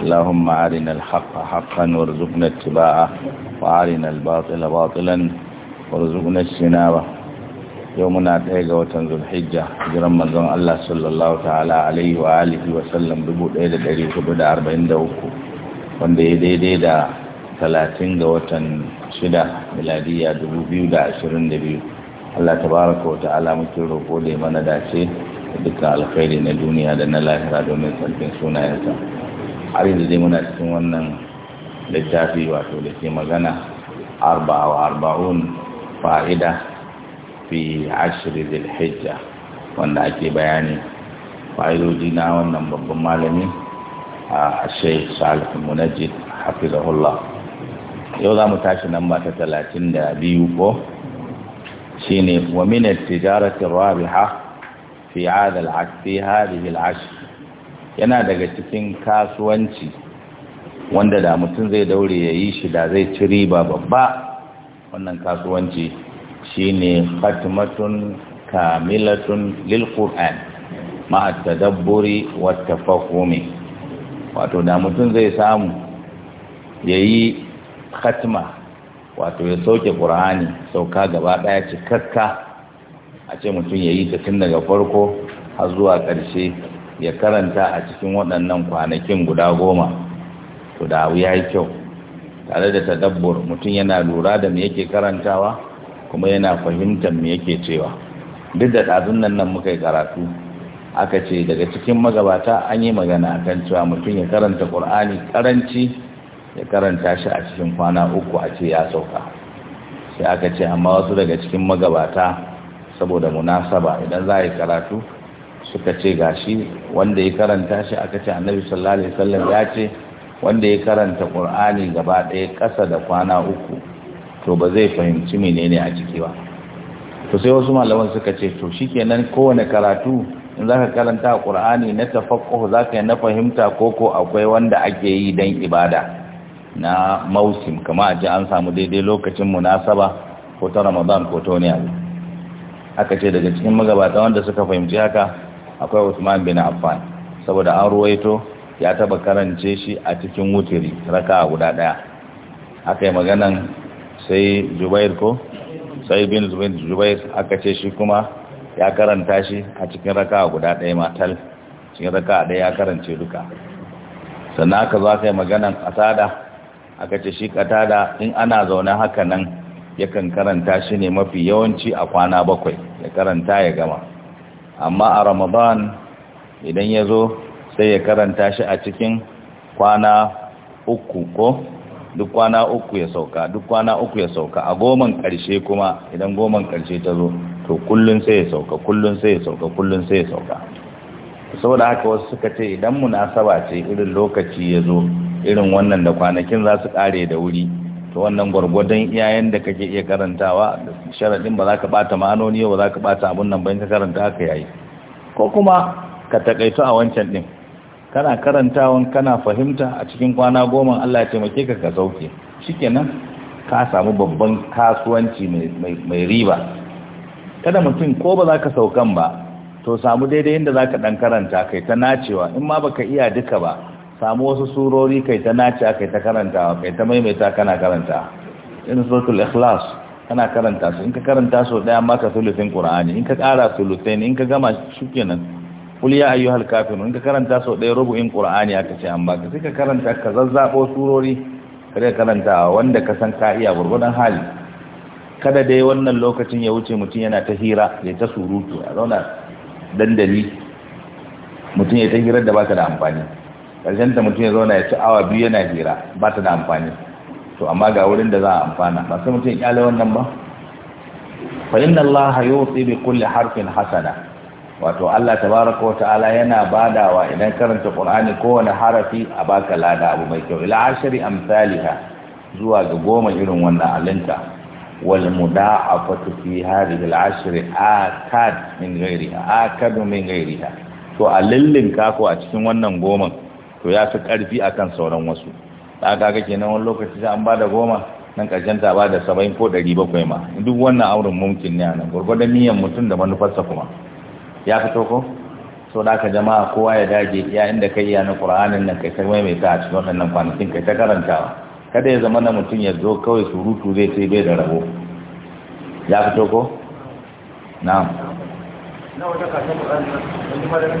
اللهم أرنا الحق حقا وارزقنا اتباعه وأرنا الباطل باطلا وارزقنا اجتنابه يومنا تيغا وتنزل الحجة جرم زن الله صلى الله تعالى عليه وآله وسلم دبوت إيدا داري خبدا أربعين دوكو وان دي دي دي دا ثلاثين دوتن شدا ميلادية دبو بيو دا عشرين دبيو Allah tabaraka wa ta'ala muke roƙo da mana dace da dukkan alkhairi na duniya da na lahira domin sarkin sunayensa har yanzu dai muna cikin wannan littafi wato da ke magana arba'a wa arba'un fa'ida fi ashirin hijja wanda ake bayani fa'idoji na wannan babban malami a sheikh salih munajid hafizahullah yau za mu tashi nan ba ta talatin da biyu ko shine wa min at rabiha fi 'adal hadhihi al-'ashr yana daga cikin kasuwanci wanda da mutum zai daure ya yi shi da zai ci riba babba wannan kasuwanci shine fatimatun kamilatun lilkur'an ma'ata dabburi wata wa wato da mutum zai samu ya yi khatima wato ya sauke qur'ani sauka gaba daya cikakka a ce mutum ya yi ta tun daga farko har zuwa ƙarshe ya karanta a cikin waɗannan kwanakin guda goma to da abu ya yi kyau tare da tadabbur mutum yana lura da me yake karantawa kuma yana fahimtar me yake cewa duk da ɗazun nan nan muka yi karatu aka ce daga cikin magabata an yi magana a kan cewa mutum ya karanta ƙur'ani karanci ya karanta shi a cikin kwana uku a ce ya sauka sai aka ce amma wasu daga cikin magabata saboda munasaba idan za a yi karatu suka ce gashi wanda ya karanta shi aka ce annabi sallallahu alaihi wasallam ya ce wanda ya karanta qur'ani gaba ɗaya ƙasa da kwana uku to ba zai fahimci menene a ciki ba to sai wasu malaman suka ce to shikenan kowane karatu in zaka karanta qur'ani na tafaqquh zaka yi na fahimta koko akwai wanda ake yi dan ibada na mausim kamar a ji an samu daidai lokacin munasaba ko ta ramadan ko ta wani abu aka ce daga cikin magabata wanda suka fahimci haka akwai Usman bin Affan saboda an ruwaito ya taba karance shi a cikin wutiri raka guda daya aka yi maganan sai Jubair ko sai bin Jubair aka ce shi kuma ya karanta shi a cikin raka guda daya matal cikin raka daya ya karance duka sannan aka zo aka yi maganan asada aka ce shi katada in ana zaune haka nan yakan karanta shi ne mafi yawanci a kwana bakwai ya karanta ya gama amma a ramadan idan ya zo sai ya karanta shi a cikin kwana uku ko duk kwana uku ya sauka duk kwana uku ya sauka a goman ƙarshe kuma idan goman ƙarshe ta zo to kullun sai ya sauka kullun sai ya sauka kullun sai ya sauka saboda haka wasu suka ce idan munasaba ce irin lokaci ya zo irin wannan da kwanakin za su ƙare da wuri to wannan gwargwadon iyayen da kake iya karantawa sharaɗin ba za ka bata ma'anoni ba za ka bata abun nan bayan ka karanta haka yayi ko kuma ka takaito a wancan din kana karantawan kana fahimta a cikin kwana goma Allah ya taimake ka ka sauke shikenan ka samu babban kasuwanci mai riba kada mutum ko ba za ka saukan ba to samu daidai inda za ka ɗan karanta kai ta nacewa in ma baka iya duka ba samu wasu surori kai ta nace kai ta karanta kai ta maimaita kana karanta in suratul ikhlas kana karanta su in ka karanta su daya maka sulusin qur'ani in ka kara sulusin in ka gama shukenan kul ya ayyuhal kafirun in ka karanta su daya rubu'in qur'ani aka ce an baka sai ka karanta ka zazzabo surori kada karanta wanda ka san ka iya gurgudan hali kada dai wannan lokacin ya wuce mutum yana ta hira ya ta surutu a zauna dandali mutum ya ta hirar da baka da amfani ƙarshen ta mutum ya zauna ya ci awa biyu yana hira ba ta da amfani to amma ga wurin da za a amfana ba sai mutum ya kyale wannan ba fa inna allaha yuti bi kulli harfin hasana wato Allah tabaraka wa ta'ala yana badawa idan karanta Qur'ani kowane harafi a baka lada abu mai kyau ila ashari amsalha zuwa ga goma irin wannan alinta wal muda'afatu fi hadhihi al ashri akad min ghairiha akad min ghairiha to a lillin ko a cikin wannan goman to ya fi ƙarfi kan sauran wasu da aka ga kenan wani lokaci sai an ba da goma nan ƙarshen ta ba da saba'in ko ɗari bakwai ma duk wannan auren mumkin ne a nan gwargwadon niyan mutum da manufarsa kuma ya fito ko so da aka jama'a kowa ya dage iya inda kai iya na ƙur'anin nan kai ta mai ta a cikin waɗannan kwanakin kai ta karantawa kada ya zama na mutum ya zo kawai surutu zai sai bai da rabo ya fito ko na'am na wata ƙur'anin nan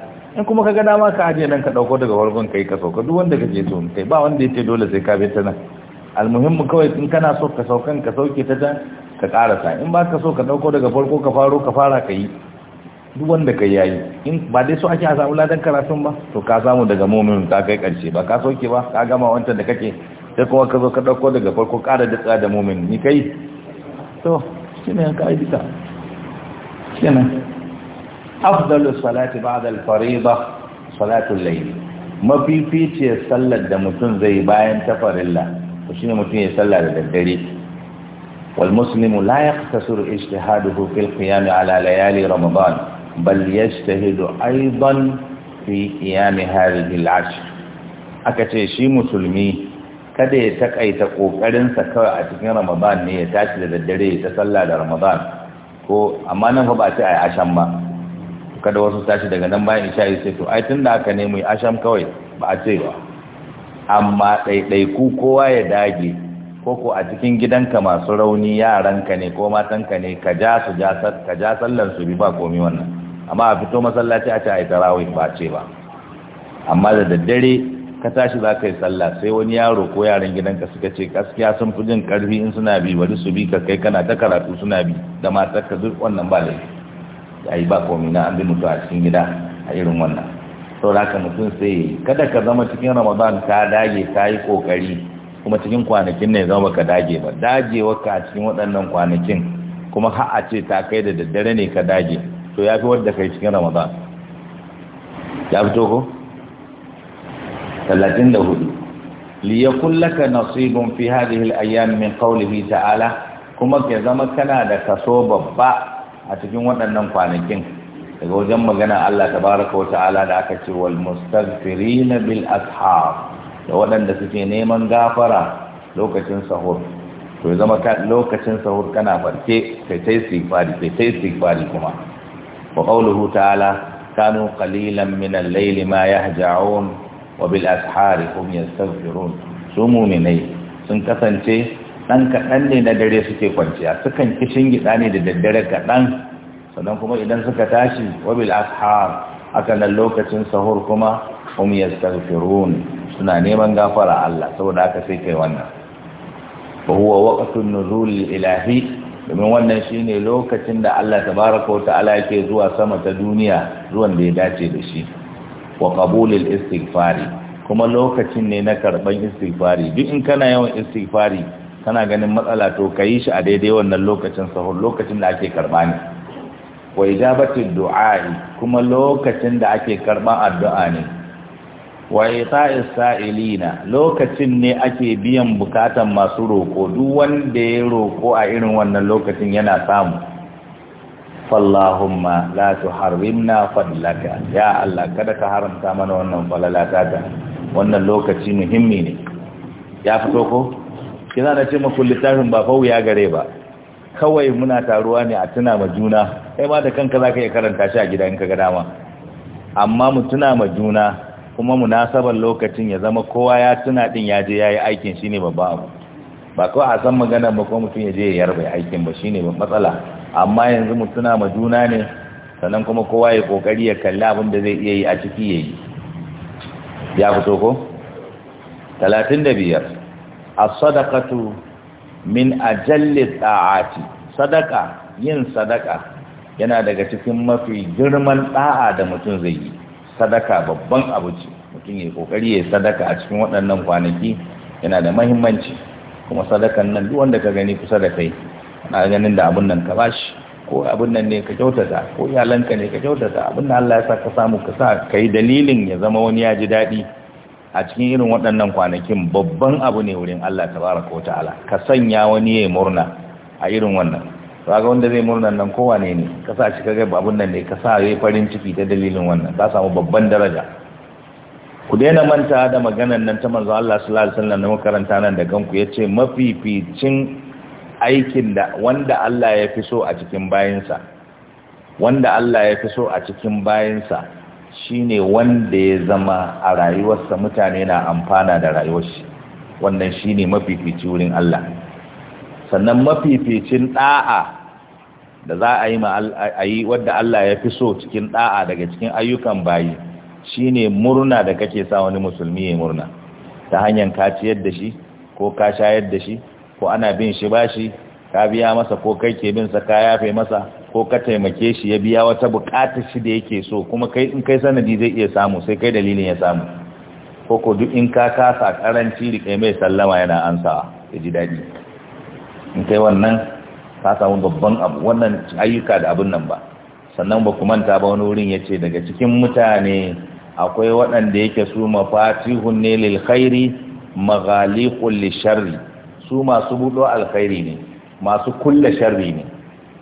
in kuma ka ga dama ka ajiye nan ka dauko daga wargon kai ka sauka duk wanda kake so kai ba wanda yace dole sai ka bi ta nan almuhimmu kawai in kana so ka saukan ka sauke ta can ka karasa in ba ka so ka dauko daga farko ka faro ka fara ka yi duk wanda kai yayi in ba dai so ake a samu ladan karatun ba to ka samu daga mumin ka kai karshe ba ka sauke ba ka gama wancan da kake sai kuma ka zo ka dauko daga farko kara da tsada mumin ni kai to shine ka aibita shine afdalus salati ba'da al Salatu salatul layl ce sallar da mutum zai bayan ta farilla to shine mutum ya salla da daddare wal muslimu la yaqtasiru ijtihaduhu fil qiyam ala layali ramadan bal yajtahidu aidan fi qiyam hadhihi al-ashr aka ce shi musulmi kada ya takaita ƙoƙarinsa kawai a cikin ramadan ne ya tashi da daddare ya ta salla da ramadan ko amma nan fa ba ta ayi ashan ba kada wasu tashi daga nan bayan isha yi sai to ai tun da aka ne mai asham kawai ba a ce ba amma ɗaiɗaiku kowa ya dage ko ko a cikin gidanka masu rauni yaranka ne ko matanka ne ka ja su ka ja sallan su bi ba komi wannan amma a fito masallaci a ce ai tarawih ba ce ba amma da daddare ka tashi za ka yi sallah sai wani yaro ko yaran gidanka suka ce gaskiya sun fi jin karfi in suna bi bari su bi ka kai kana ta karatu suna bi da matar ka duk wannan ba laifi ai ba komai na an bi mutu a cikin gida a irin wannan sau da mutum sai kada ka zama cikin ramadan ka dage ka yi kokari kuma cikin kwanakin ne zama ka dage ba dagewa ka cikin waɗannan kwanakin kuma har a ce ta kai da daddare ne ka dage to ya fi wadda kai cikin ramadan ya fito ko? talatin da hudu liyakun laka nasibun fi hadhihi al-ayyam min qawlihi ta'ala kuma ke zama kana da kaso babba a cikin waɗannan kwanakin daga wajen magana Allah tabaraka wa ta'ala da aka ce wal mustaghfirina bil ashab da waɗanda suke neman gafara lokacin sahur to ya zama lokacin sahur kana farke kai tai istighfari kai istighfari kuma wa qawluhu ta'ala kanu qalilan min al-layli ma yahja'un wa bil ashari hum yastaghfirun su mu'minai sun kasance ɗan kaɗan ne na dare suke kwanciya sukan kishin gida ne da daddare kaɗan sannan kuma idan suka tashi wabil ashar aka nan lokacin sahur kuma hum suna neman gafara Allah saboda aka sai kai wannan fa huwa waqtun nuzul ilahi domin wannan shine lokacin da Allah tabaraka wa ta'ala yake zuwa sama ta duniya zuwan da ya dace da shi wa qabulil istighfari kuma lokacin ne na karban istighfari duk in kana yawan istighfari kana ganin matsala to ka yi shi a daidai wannan lokacin sahur lokacin da ake karɓa ne wa ijabatin du'a'i kuma lokacin da ake karban addu'a ne wa ita'i sa'ilina lokacin ne ake biyan bukatan masu roko duk wanda ya roko a irin wannan lokacin yana samu fallahumma la tuharrimna fadlaka ya Allah kada ka haramta mana wannan falalata wannan lokaci muhimmi ne ya fito ko kina na ce maku littafin ba fa wuya gare ba kawai muna taruwa ne a tuna ma juna kai ma da kanka za ka iya karanta shi a gida in ka ga dama amma mu tuna ma juna kuma munasabar lokacin ya zama kowa ya tuna din ya je ya yi aikin shine babban abu ba kawai a san magana ba ko mutum ya je ya yarba aikin ba shine ba matsala amma yanzu mu tuna ma juna ne sannan kuma kowa ya kokari ya kalli abin da zai iya yi a ciki ya yi. ya fito ko biyar. as-sadaqatu min ajalli ta'ati sadaka yin sadaka yana daga cikin mafi girman da'a da mutum zai yi sadaka babban abu ce mutum ya kokari ya sadaka a cikin waɗannan kwanaki yana da mahimmanci kuma sadakan nan duk wanda ka gani kusa da kai ana ganin da abun nan ka bashi ko abun nan ne ka kyautata ko iyalanka ne ka kyautata abun da Allah ya sa ka samu ka sa kai dalilin ya zama wani ya ji daɗi a cikin irin waɗannan kwanakin babban abu ne wurin Allah tabaraka wa ta'ala ka sanya wani ya murna a irin wannan ga wanda zai murna nan kowane ne ka sa shi kaga abun nan ne ka sa zai farin ciki ta dalilin wannan ka samu babban daraja ku daina manta da maganan nan ta manzo Allah sallallahu alaihi wasallam na makaranta nan da ganku yace mafificin aikin da wanda Allah ya fi so a cikin bayinsa wanda Allah ya fi so a cikin bayinsa shine wanda ya zama a rayuwarsa mutane na amfana da rayuwar shi wannan shine mafifici wurin Allah sannan mafificin da'a da za a yi wadda Allah ya fi so cikin da'a daga cikin ayyukan bayi shine murna da kake sa wani musulmi ya murna ta hanyar ka ciyar da shi ko ka shayar da shi ko ana bin shi bashi ka biya masa ko kai ke bin sa ka yafe masa ko ka taimake shi ya biya wata bukatar shi da yake so kuma kai in kai sanadi zai iya samu sai kai dalilin ya samu ko ko duk in ka kasa karanci rike mai sallama yana ansawa ya ji daɗi in kai wannan ka samu babban abu wannan ayyuka da abun nan ba sannan ba ku manta ba wani wurin ya ce daga cikin mutane akwai waɗanda yake su mafatihun ne lil khairi maghaliqul lisharri su masu budo alkhairi ne masu kulle sharri ne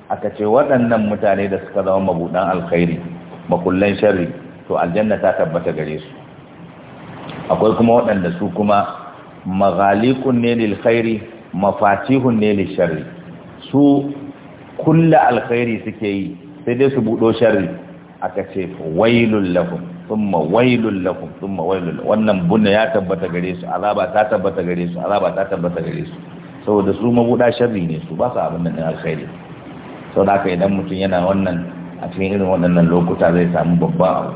aka ce waɗannan mutane da suka zama mabuɗan alkhairi makullan sharri to aljanna ta tabbata gare su akwai kuma waɗanda su kuma maghalikun ne lil mafatihun ne lil su kulla alkhairi suke yi sai dai su buɗo sharri aka ce wailul lahum thumma wailul lahum thumma wailul wannan bunna ya tabbata gare su azaba ta tabbata gare su azaba ta tabbata gare su saboda su mabuɗa sharri ne su ba su abin da alkhairi sau da haka idan mutum yana wannan a cikin irin waɗannan lokuta zai samu babban abu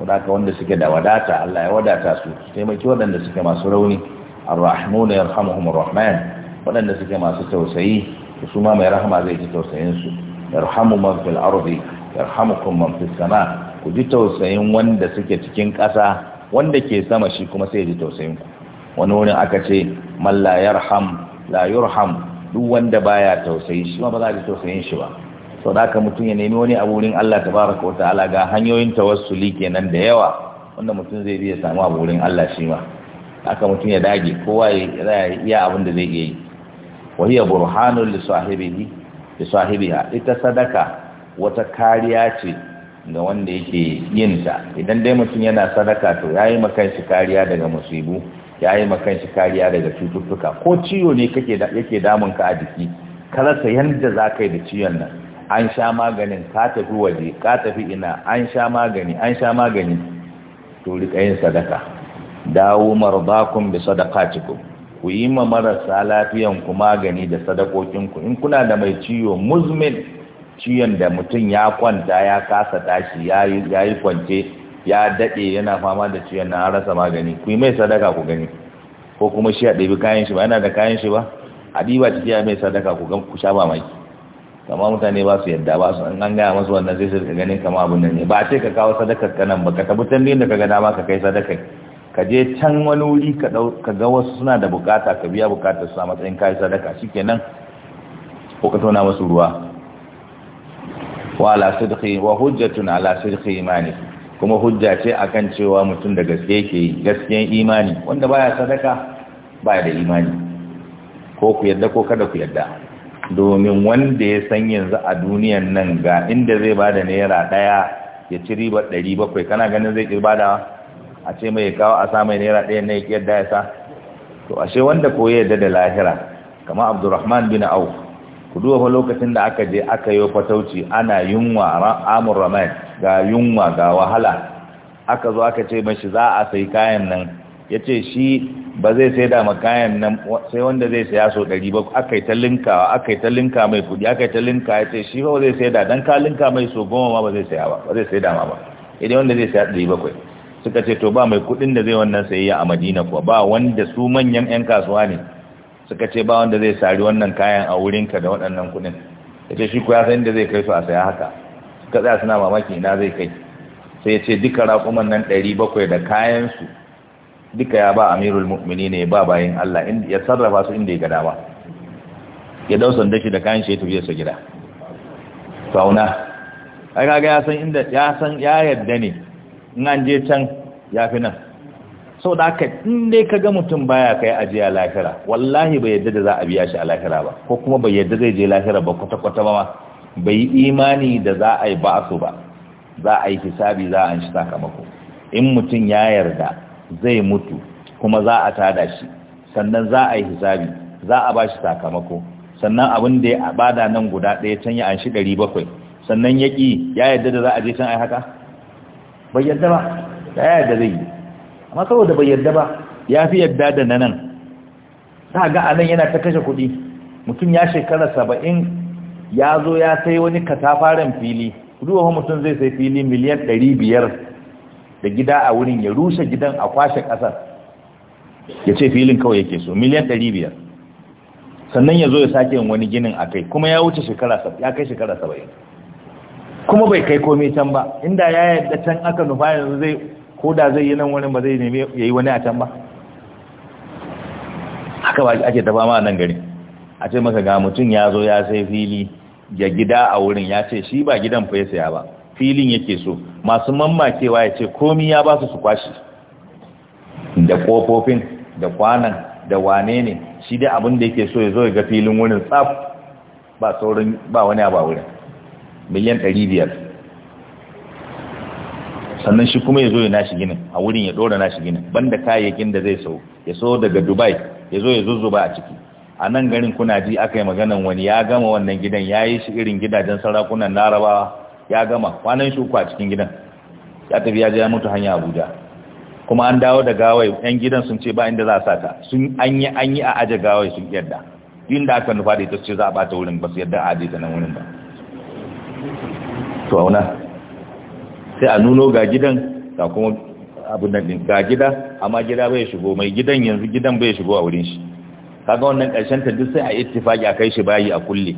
ko da haka wanda suke da wadata Allah ya wadata su su taimaki waɗanda suke masu rauni arrahmanu Umar rahman waɗanda suke masu tausayi su ma mai rahama zai ji tausayin su yarhamu man fil ardi yarhamukum man fis sama ku ji tausayin wanda suke cikin ƙasa wanda ke sama shi kuma sai ya ji tausayin ku wani wurin aka ce man la yarham la duk wanda baya tausayi shi ma ba za a ji tausayin shi ba sau da haka mutum ya nemi wani abu wurin Allah ta baraka wa ta'ala ga hanyoyin tawassuli kenan da yawa wanda mutum zai iya samu abu wurin Allah shi ma aka mutum ya dage kowa ya iya abin da zai iya yi wa hiya burhanul li sahibihi li sahibiha ita sadaka wata kariya ce ga wanda yake yin ta idan dai mutum yana sadaka to yayi makan shi kariya daga musibu ya yi makan shi kariya daga cututtuka ko ciwo ne yake damun ka a jiki ka rasa yadda za ka yi da ciwon nan an sha maganin ka tafi waje ka tafi ina an sha magani an sha magani to rika yin sadaka dawo marbakum bi sadaqatikum ku yi ma marasa lafiyan ku magani da sadakokin ku in kuna da mai ciwo muzmin ciwon da mutum ya kwanta ya kasa tashi ya yi kwance ya daɗe yana fama da ciwon na rasa magani ku yi mai sadaka ku gani ko kuma shi a ɗabi kayan shi ba yana da kayan shi ba a ɗiba ciki ya mai sadaka ku ku sha mai kama mutane ba su yadda ba su an an gaya masu wannan zai shirka ganin kama abin nan ne ba a ce ka kawo sadakar nan ba ka tabbatar da ka ga dama ka kai sadakar ka je can wani wuri ka ga wasu suna da bukata ka biya bukatar su a matsayin kayan sadaka shikenan ko ka tona masu ruwa wa ala sidqi wa hujjatun ala sidqi imani kuma hujja ce a kan cewa mutum da gaske yake gaskiyan imani wanda baya sadaka baya da imani ko ku yadda ko kada ku yadda domin wanda ya san yanzu a duniyan nan ga inda zai bada naira daya ya ci riba bakwai. kana ganin zai ƙirba da a ce mai kawo a sa naira daya na ya yadda ya sa to ashe wanda ko yadda da lahira kamar Abdurrahman bin Auf ku duba lokacin da aka je aka yi fatauci ana yunwa amur ramad ga yunwa ga wahala aka zo aka ce mashi za a sai kayan nan ya ce shi ba zai sai da kayan nan sai wanda zai saya so ɗari ba aka yi ta linkawa aka yi ta linka mai kudi aka yi ta linka ya ce shi ba zai sai da don ka linka mai so goma ba zai saya ba ba zai sai dama ma ba idan wanda zai saya ɗari bakwai suka ce to ba mai kudin da zai wannan sayayya a madina kuwa ba wanda su manyan 'yan kasuwa ne suka ce ba wanda zai sari wannan kayan a wurinka da waɗannan kudin ya ce shi ya san inda zai kai su a saya haka suka tsaya suna mamaki ina zai kai sai ya ce duka raƙuman nan ɗari bakwai da kayansu duka ya ba amirul mu'mini ne ba bayan Allah ya sarrafa su inda ya ga dama ya dau sanda shi da kayan shi ya tafi gida fauna ai kaga ya san inda ya san ya yadda ne in an je can ya fi nan sau da aka inda ka ga mutum baya kai ajiya lahira wallahi bai yadda da za a biya shi a lahira ba ko kuma bai yadda zai je lahira ba kwata-kwata ba bai imani da za a yi ba su ba za a yi hisabi za a shi sakamako in mutum ya yarda zai mutu kuma za a tada shi sannan za a yi hisabi za a ba shi sakamako sannan abin da ya bada nan guda ɗaya can ya an shi ɗari bakwai sannan ya ƙi ya yarda da za a je can a yi haka bai yarda ba da ya yarda zai yi amma saboda bai yarda ba ya fi yarda da na nan za ga a nan yana ta kashe kuɗi mutum ya shekara saba'in ya zo ya sai wani katafaren fili duwa mutum zai sai fili miliyan 500 da gida a wurin ya rushe gidan a kwashe kasar ya ce filin kawai yake so miliyan 500 sannan ya zo ya sake yin wani ginin a kai kuma ya wuce shekara ya kai shekara 70 kuma bai kai komai can ba inda ya yadda can aka nufa yanzu zai ko da zai yi nan wani ba zai nemi ya yi wani a can ba haka ba ake tafa ma nan gari a ce masa ga mutum ya zo ya sai fili ya gida a wurin ya ce shi ba gidan fa ya saya ba filin yake so masu mammakewa ya ce komi ya ba su su kwashi da kofofin da kwanan da wane ne shi dai abin da yake so ya zo ya ga filin wurin tsaf ba saurin ba wani ba wurin miliyan ɗari biyar sannan shi kuma ya zo ya nashi ginin a wurin ya ɗora nashi ginin banda kayayyakin da zai sau ya so daga dubai ya zo ya zuzzuba a ciki a nan garin kuna ji aka yi maganan wani ya gama wannan gidan ya yi shi irin gidajen sarakunan laraba ya gama kwanan shi uku a cikin gidan ya tafi ya ji ya mutu hanya abuja kuma an dawo da gawai yan gidan sun ce ba inda za a sa ta sun an yi an yi a aje gawai sun yadda inda aka nufa da ita ce za a bata wurin ba su yadda a aje ta nan wurin ba to auna sai a nuno ga gidan ga kuma abin nan ga gida amma gida bai shigo mai gidan yanzu gidan bai shigo a wurin shi kaga wannan ƙarshen ta duk sai a ittifaki a kai shi bayi a kulle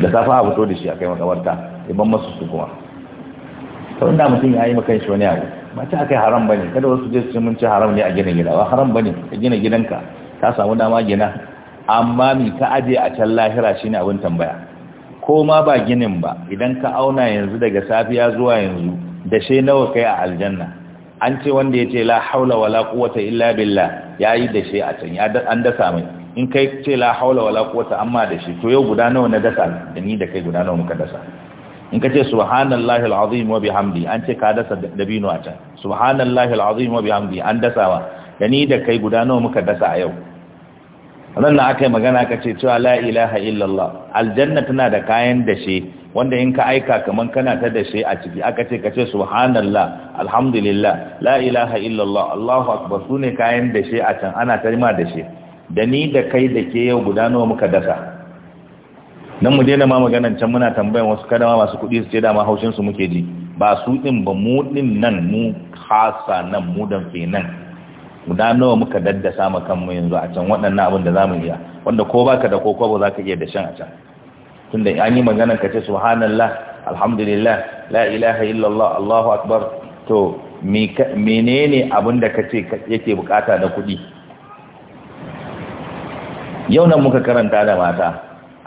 da safa a fito da shi a kai makabarta iban masu su kuma sau inda mutum ya yi makan shi wani abu ba ta kai haram bane, kada wasu je su mun ci haram ne a gina gida ba haram bane, ka gina gidanka ka samu dama gina amma mi ka aje a can lahira shi ne abin tambaya ko ma ba ginin ba idan ka auna yanzu daga safiya zuwa yanzu da shi nawa kai a aljanna an ce wanda ya ce la haula wala quwwata illa billah yayi da shi a can ya an dasa mai in kai ce la haula wala quwwata amma da shi to yau guda nawa na dasa da ni da kai guda nawa muka dasa in ka ce subhanallahi alazim wa bihamdi an ce ka dasa dabino a can subhanallahi alazim wa bihamdi an dasawa da ni da kai guda nawa muka dasa a yau ran na aka yi magana ka ce cewa la ilaha illallah aljanna tana da kayan dashi. wanda in ka aika kamar kana ta da shi a ciki aka ce ka ce subhanallah alhamdulillah la ilaha illallah allahu akbar su ne kayan da shi a can ana tarima da shi da ni da kai da ke yau guda nawa muka dasa nan mu daina ma maganan can muna tambayan wasu kadama masu kuɗi su ce dama haushin su muke ji ba su din ba mu din nan mu hasa nan mu dan fe nan guda nawa muka daddasa ma kanmu yanzu a can waɗannan abin da zamu iya wanda ko baka da ko ko ba ka iya da shan a can tunda an yi magana ka ce subhanallah alhamdulillah la ilaha illallah allahu akbar to menene abin da kace yake bukata da kuɗi? yau nan muka karanta da mata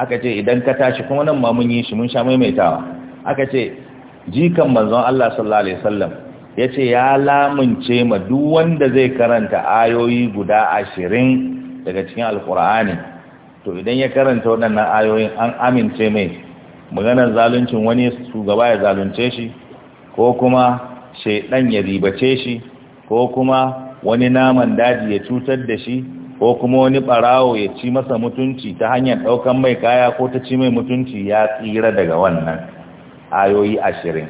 aka ce idan ka tashi kuma nan ma mun yi shi mun sha maimaitawa aka ce jikan manzon Allah sallallahu alaihi wasallam yace ya lamunce ma duk wanda zai karanta ayoyi guda ashirin daga cikin alqur'ani to idan ya karanta waɗannan ayoyin an amince mai maganar zaluncin wani shugaba ya zalunce shi ko kuma shaidan ya ribace shi ko kuma wani naman daji ya cutar da shi ko kuma wani barawo ya ci masa mutunci ta hanyar ɗaukan mai kaya ko ta ci mai mutunci ya tsira daga wannan ayoyi ashirin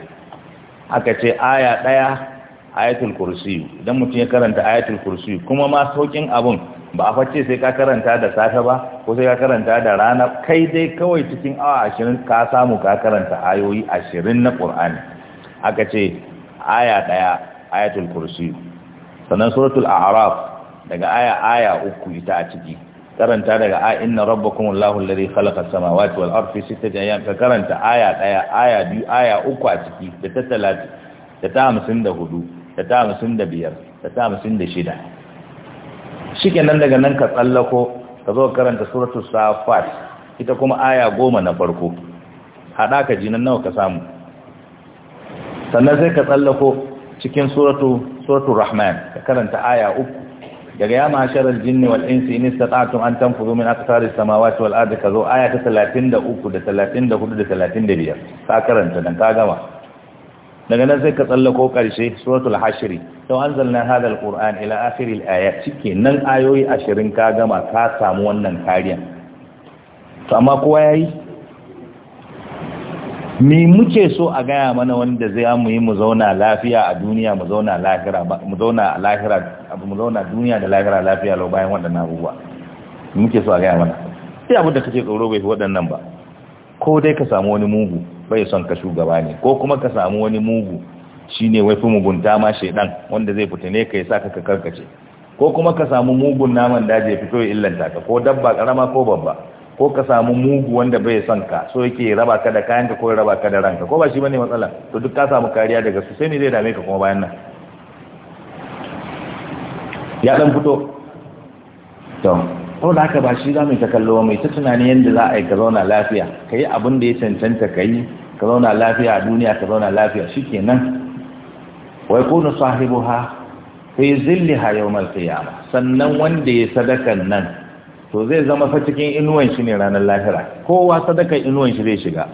aka ce aya ɗaya ayatul kursi idan mutum ya karanta ayatul kursi kuma ma saukin abun ba a face sai ka karanta da safe ba ko sai ka karanta da rana kai dai kawai cikin awa ashirin ka samu ka karanta ayoyi ashirin na ƙur'ani aka ce aya ɗaya ayatul kursi sannan suratul a'raf daga aya aya uku ita a ciki karanta daga a inna rabbakum allahul alladhi khalaqa samawati wal ardi fi sittati ayyam ka karanta aya ɗaya aya biyu aya uku a ciki da ta talatin da ta hamsin da hudu da ta hamsin da biyar da ta hamsin da shida shi nan daga nan ka tsallako ka zo karanta suratul safat ita kuma aya goma na farko haɗa ka ji nan nawa ka samu sannan sai ka tsallako cikin suratul rahman ka karanta aya uku daga ya masharar jini wal insi in istata'tum an tanfudu min aqtaris samawa ta ardi ka zo aya ta 33 da 34 da 35 ka karanta dan ka gama daga nan sai ka tsallako ƙarshe suratul hashiri to anzalna hadal qur'an ila akhir al ayat cike nan ayoyi 20 ka gama ka samu wannan kariya to amma kowa yayi me muke so a gaya mana wanda zai mu yi mu zauna lafiya a duniya mu zauna lahira mu zauna lahira mu zauna duniya da lahira lafiya lau bayan waɗannan abubuwa muke so a gaya mana sai abin da kake tsoro bai waɗannan ba ko dai ka samu wani mugu bai son ka shugaba ne ko kuma ka samu wani mugu shine wai fi mugunta ma shaidan wanda zai fita ne ka saka ka karkace ko kuma ka samu mugun naman daji ya fito ya illanta ka ko dabba karama ko babba ko ka samu mugu wanda bai son ka so yake raba ka da kayanka ko raba ka da ranka ko ba shi bane matsala to duk ka samu kariya daga su sai ne zai dame ka kuma bayan nan ya dan fito to ko da haka ba shi zamu ta kallo mai ta tunani yadda za a yi ka zauna lafiya ka yi abin da ya cancanta ka yi ka zauna lafiya a duniya ka zauna lafiya shi ke nan wai kuna sahibu ha fi zilli ha yau malkiyama sannan wanda ya sadakan nan to zai zama fa cikin inuwan shi ne ranar lahira kowa sadakan inuwan shi zai shiga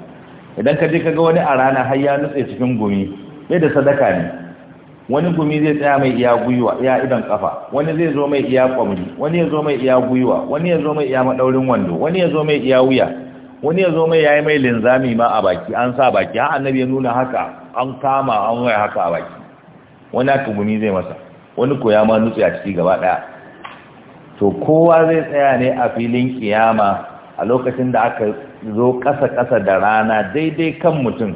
idan ka je ka ga wani a rana har ya nutse cikin gumi bai da sadaka ne wani gumi zai tsaya mai iya gwiwa iya idan kafa wani zai zo mai iya kwamri wani ya zo mai iya gwiwa wani ya zo mai iya madaurin wando wani ya zo mai iya wuya wani ya zo mai ya yi mai linzami ma a baki an sa baki ha annabi ya nuna haka an kama an waya haka a baki wani aka guni zai masa wani ko ya ma nutse a ciki gaba ɗaya to kowa zai tsaya ne a filin kiyama a lokacin da aka zo kasa-kasa da rana daidai kan mutum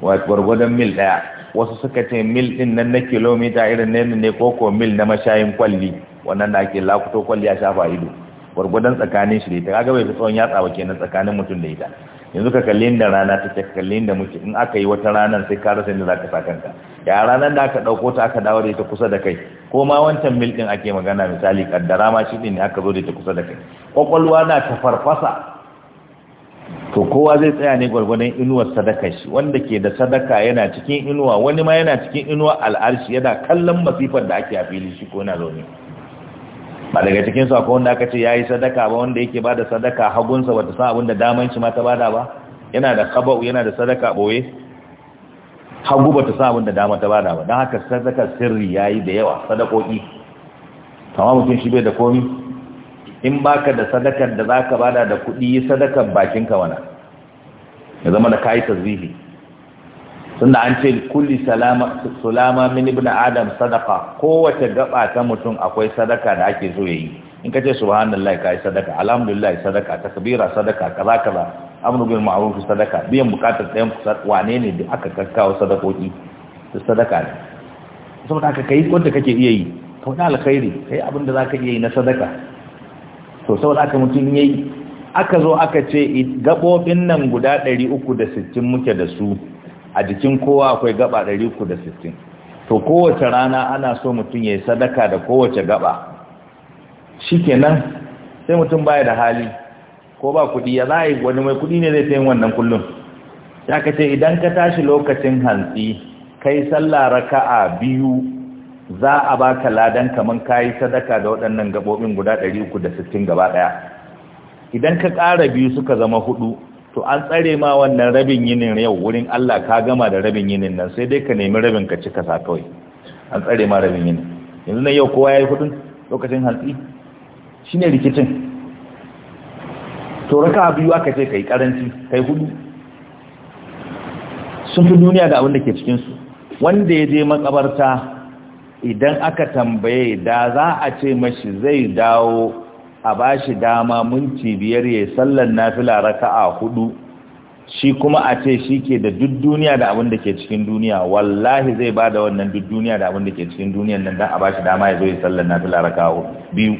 gwargwadon mil ɗaya wasu suka ce mil din nan na kilomita irin ne ne koko mil na mashayin kwalli wannan da ake lakuto kwalli ya shafa ido gwargwadon tsakanin shi da ita kaga bai fi tsawon yatsa ba kenan tsakanin mutum da ita yanzu ka kalli da rana ta, ka kalli da muke in aka yi wata ranar sai ka rasa inda ka sa kanka ya ranar da aka dauko ta aka dawo da ita kusa da kai ko ma wancan mil din ake magana misali kaddara ma shi din ne aka zo da ita kusa da kai kwakwalwa na ta farfasa to kowa zai tsaya ne gwargwadon inuwar sadaka shi wanda ke da sadaka yana cikin inuwa wani ma yana cikin inuwa al'arshi yana kallon masifar da ake a fili shi ko na zaune ba daga cikin su akwai wanda aka ce yayi sadaka ba wanda yake bada sadaka hagunsa wata san abin da damanci ma ta bada ba yana da khaba'u yana da sadaka boye hagu bata san abin da dama ta bada ba dan haka sadaka sirri yayi da yawa sadakoki kamar mutum shi bai da komi in baka da sadakar da zaka bada da kudi sadakar bakin ka wana ya zama da kai tasbihi tunda an ce kulli salama sulama min ibn adam sadaqa kowace gaba ta mutum akwai sadaka da ake so yayi in kace subhanallahi kai sadaka alhamdulillah sadaka takbira sadaka kaza kaza amru bil ma'ruf sadaka biyan bukatar ɗayan wane ne da aka kakkawo sadakoki da sadaka ne saboda aka kai wanda kake iya yi to na alkhairi kai abin da zaka iya yi na sadaka to saboda aka mutum yayi aka zo aka ce gabobin nan guda 360 muke da su a jikin kowa akwai gaba da 360 to kowace rana ana so mutum ya yi sadaka da kowace gaba shikenan sai mutum baya da hali ko ba kuɗi ya za wani mai kuɗi ne zai ta yin wannan kullum ya ka idan ka tashi lokacin hantsi kai sallah raka'a biyu za a baka ladan kaman kayi sadaka da waɗannan gaɓoɓin guda 360 gaba ɗaya idan ka ƙara biyu suka zama hudu to an tsare ma wannan rabin yinin yau wurin Allah ka gama da rabin yinin nan sai dai ka nemi rabin ka cika sa kawai an tsare ma rabin yinin yanzu nan yau kowa ya yi kudin lokacin hantsi shi ne rikicin to raka biyu aka ce ka yi karanci ka yi hudu sun fi duniya da abin da ke cikinsu wanda ya je makabarta idan aka tambaye da za a ce mashi zai dawo a bashi dama minti biyar ya na sallar nafila raka'a hudu shi kuma a ce shi ke da duk duniya da abin da ke cikin duniya wallahi zai ba da wannan duk duniya da abin da ke cikin duniya nan don a ba shi dama ya zo ya sallar na fila raka biyu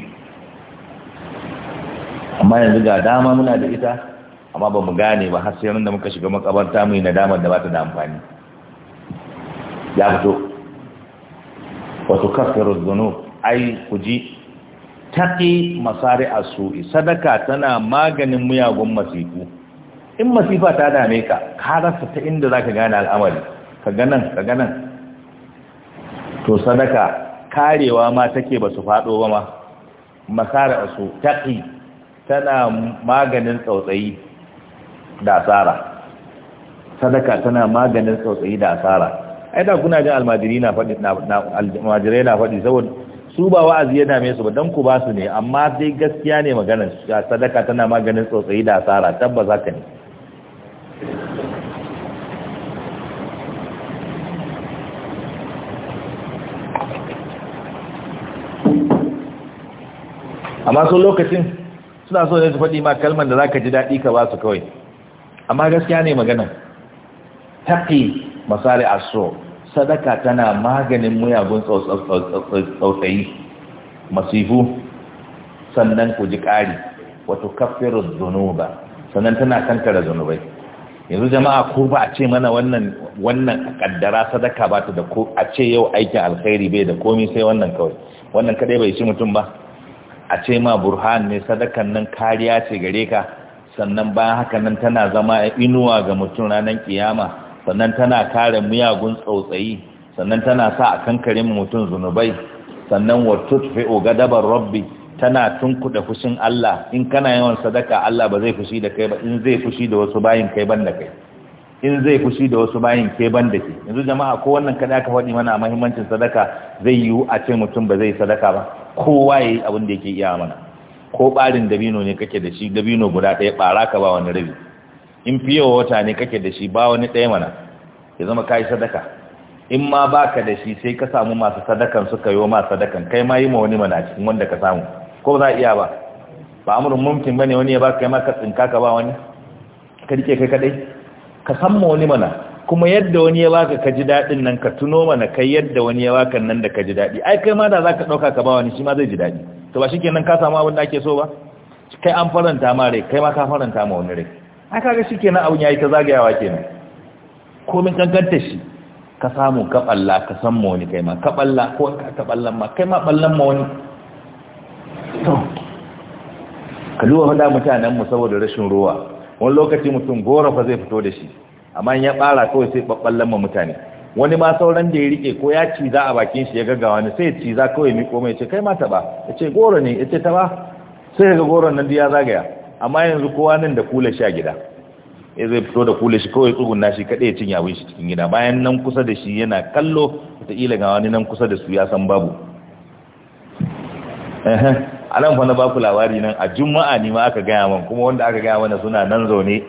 amma yanzu ga dama muna da ita amma ba mu gane ba har sai da muka shiga makabarta mu yi damar da ba ta da amfani ya fito wato kafiru zunub ai ku ji Taƙi masari su'i sadaka tana maganin muyagun masifu in masifa ta dame ka ka rasa ta inda ka gane al'amari ka ganan ka ganan to sadaka karewa ma take ba su fado ba ma masari su Taƙi tana maganin tsautsayi da asara sadaka tana maganin tsautsayi da asara ai da kuna jin na na almajirai na faɗi saboda su ba wa'azi ya dame su ba dan ku ba su ne amma dai gaskiya ne maganar sadaka tana maganin tsotsayi da asara tabba za ka ne amma sun lokacin suna so ne su faɗi ma kalmar da za ka ji daɗi ka ba su kawai amma gaskiya ne maganar taƙi masari asro sadaka tana maganin muyagun tsautsayi masifu sannan ku ji ƙari wato kafirin zunuba sannan tana kankara zunubai yanzu jama'a ko ba a ce mana wannan wannan kaddara sadaka ba ta da ko a ce yau aikin alkhairi bai da komi sai wannan kawai wannan kadai bai shi mutum ba a ce ma burhan ne sadakan nan kariya ce gare ka sannan bayan haka nan tana zama inuwa ga mutum ranar kiyama sannan tana kare miyagun tsautsayi sannan tana sa a kankare mutum zunubai sannan wa tutfi'u gadabar rabbi tana tunkuɗa fushin Allah in kana yawan sadaka Allah ba zai fushi da kai ba in zai fushi da wasu bayin kai ban da kai in zai fushi da wasu bayin kai ban da ke yanzu jama'a ko wannan kada ka faɗi mana mahimmancin sadaka zai yiwu a ce mutum ba zai sadaka ba kowa ya yi abin da yake iya mana ko ɓarin dabino ne kake da shi dabino guda ɗaya ɓara ka ba wani rabi in fiye wata ne kake da shi ba wani ɗaya mana ya zama ka yi sadaka in ma ba ka da shi sai ka samu masu sadakan suka yi masu sadakan kai ma yi ma wani mana cikin wanda ka samu ko za a iya ba ba amurin mumkin ba ne wani ya ba ka yi ma ka tsinka ka ba wani ka rike kai kaɗai ka san ma wani mana kuma yadda wani ya ba ka ji daɗin nan ka tuno mana kai yadda wani ya ba ka nan da ka ji daɗi ai kai ma da za ka ɗauka ka ba wani shi ma zai ji daɗi to ba shi kenan ka samu abin da ake so ba kai an faranta ma rai kai ma ka faranta ma wani rai aka ga shi kenan abin yayi ta zagayawa kenan komin kankanta shi ka samu ka balla ka san mu wani kai ma ka balla ko ka ballan ma kai ma ballan ma wani to kaluwa da mutanen mu saboda rashin ruwa wani lokaci mutum gora fa zai fito da shi amma ya ɓara kawai sai babballan ma mutane wani ma sauran da ya rike ko ya ci za a bakin shi ya gaggawa ne sai ya ci za kawai komai ya ce kai ma taɓa ya ce goro ne ya ce ba sai ga goron nan ya zagaya amma yanzu kowa nan da kula shi a gida ya zai fito da kula shi kawai tsugunna shi kaɗai ya cinye abin shi cikin gida bayan nan kusa da shi yana kallo ila ga wani nan kusa da su ya san babu a nan fa na baku labari nan a juma'a ne ma aka gaya man kuma wanda aka gaya mana suna nan zaune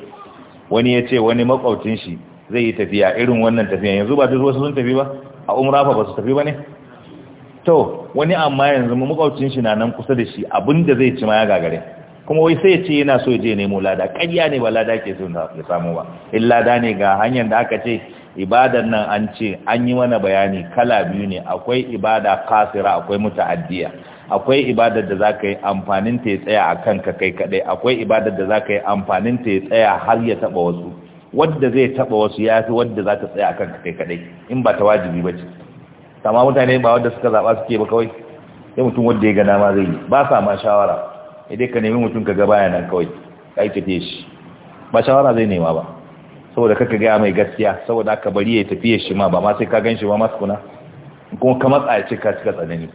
wani ya ce wani makwabcin shi zai yi tafiya irin wannan tafiya yanzu ba duk wasu sun tafi ba a umra fa ba su tafi ba ne to wani amma yanzu makwabcin shi na nan kusa da shi abinda zai ci ma ya gagare kuma wai sai ce yana so je nemo lada ƙarya ne ba lada ke so ya samu ba in lada ne ga hanyar da aka ce ibadan nan an ce an yi mana bayani kala biyu ne akwai ibada kasira akwai muta'addiya akwai ibadar da zaka yi amfanin ta ya tsaya a kanka kai kadai akwai ibadar da zaka yi amfanin ta ya tsaya har ya taba wasu wanda zai taba wasu ya fi wanda zaka tsaya a kanka kai kadai in ba ta wajibi bace amma mutane ba wanda suka zaba suke ba kawai sai mutum wanda ya ga dama zai yi ba sa ma shawara idai ka nemi mutum ka gaba yana kawai ka tafiye shi ba shawara zai nema ba saboda kaka gaya mai gaskiya saboda aka bari ya tafiye shi ma ba ma sai ka gan shi ba masu kuna kuma ka matsa ya cika cika tsanani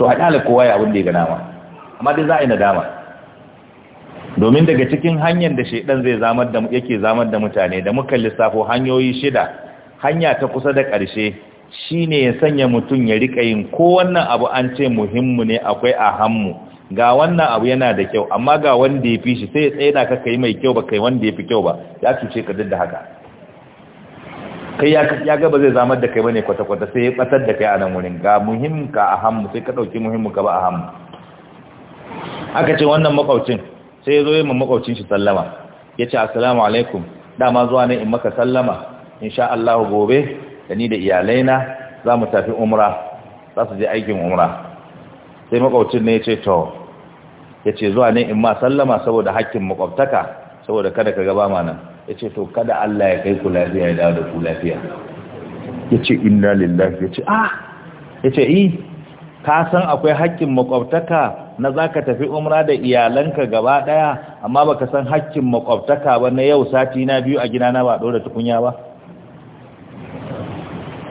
to haɗa kowa ya abin da ya gana ma amma dai za a yi nadama domin daga cikin hanyar da shaidan zai zamar da yake zamar da mutane da muka lissafo hanyoyi shida hanya ta kusa da ƙarshe shine ya sanya mutum ya riƙa yin ko wannan abu an ce muhimmu ne akwai a hannu ga wannan abu yana da kyau amma ga wanda ya fi shi sai ya na ka kai mai kyau ba kai wanda ya fi kyau ba ya cuce ka duk da haka kai ya gaba zai zamar da kai bane kwata-kwata sai ya batar da kai a nan wurin ga muhimmin ka a hannu sai ka ɗauki muhimmin ka ba a hannu aka ce wannan makwaucin sai ya zo yin makwaucin shi sallama ya ce assalamu alaikum dama zuwa ne in maka sallama sha Allah gobe da ni da iyalaina za mu tafi umra za su je aikin umra sai makwabcin ne ya ce to ya ce zuwa ne in ma sallama saboda hakkin makwabtaka saboda kada ka gaba mana nan ya ce to kada Allah ya kai ku lafiya ya dawo da ku lafiya ya ce inna lillahi ya ce ah ya ce yi eh, ka san akwai hakkin makwabtaka na za ka tafi umra da iyalanka gaba daya amma baka san hakkin makwabtaka ba na yau sati na biyu a na ba ɗora tukunya ba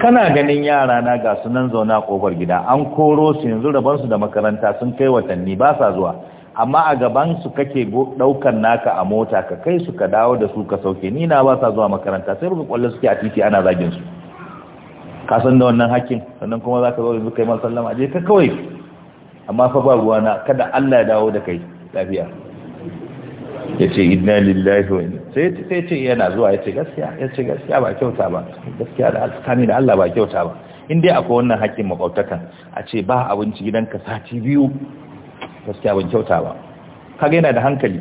kana ganin yara na ga sunan zauna kofar gida an koro su yanzu rabansu da makaranta sun kai watanni ba sa zuwa amma a gaban su kake daukan naka a mota ka kai su ka dawo da su ka sauke ni na ba sa zuwa makaranta sai buga kwallo suke a titi ana zagin su ka san da wannan hakkin sannan kuma zaka zo yanzu kai masallama je ka kawai amma fa ba ruwana kada Allah ya dawo da kai lafiya ya ce inna lillahi wa inna sai sai ce yana zuwa ya ce gaskiya ya ce gaskiya ba kyauta ba gaskiya da alkani da Allah ba kyauta ba in dai akwai wannan haƙƙin makwautakan a ce ba abinci gidanka sati biyu gaskiya ban kyauta ba kaga yana da hankali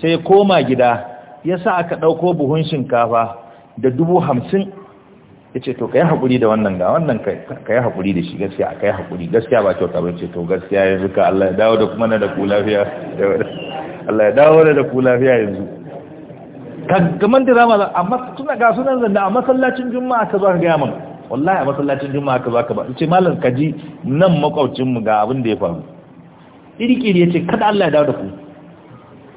sai ya koma gida ya sa aka ɗauko buhun shinkafa da dubu hamsin ya ce to ka yi haƙuri da wannan ga wannan ka yi haƙuri da shi gaskiya ka yi haƙuri gaskiya ba kyauta ba ce to gaskiya yanzu ka Allah ya dawo da kuma na da ku lafiya da wadda Allah ya dawo da ku lafiya yanzu kamar da rama amma suna ga sunan da a masallacin juma'a ka zo ka gaya min wallahi a masallacin juma'a ka zo ka ba ce malam kaji nan makwabcin mu ga abin da ya faru irikiri yace kada Allah ya dawo da ku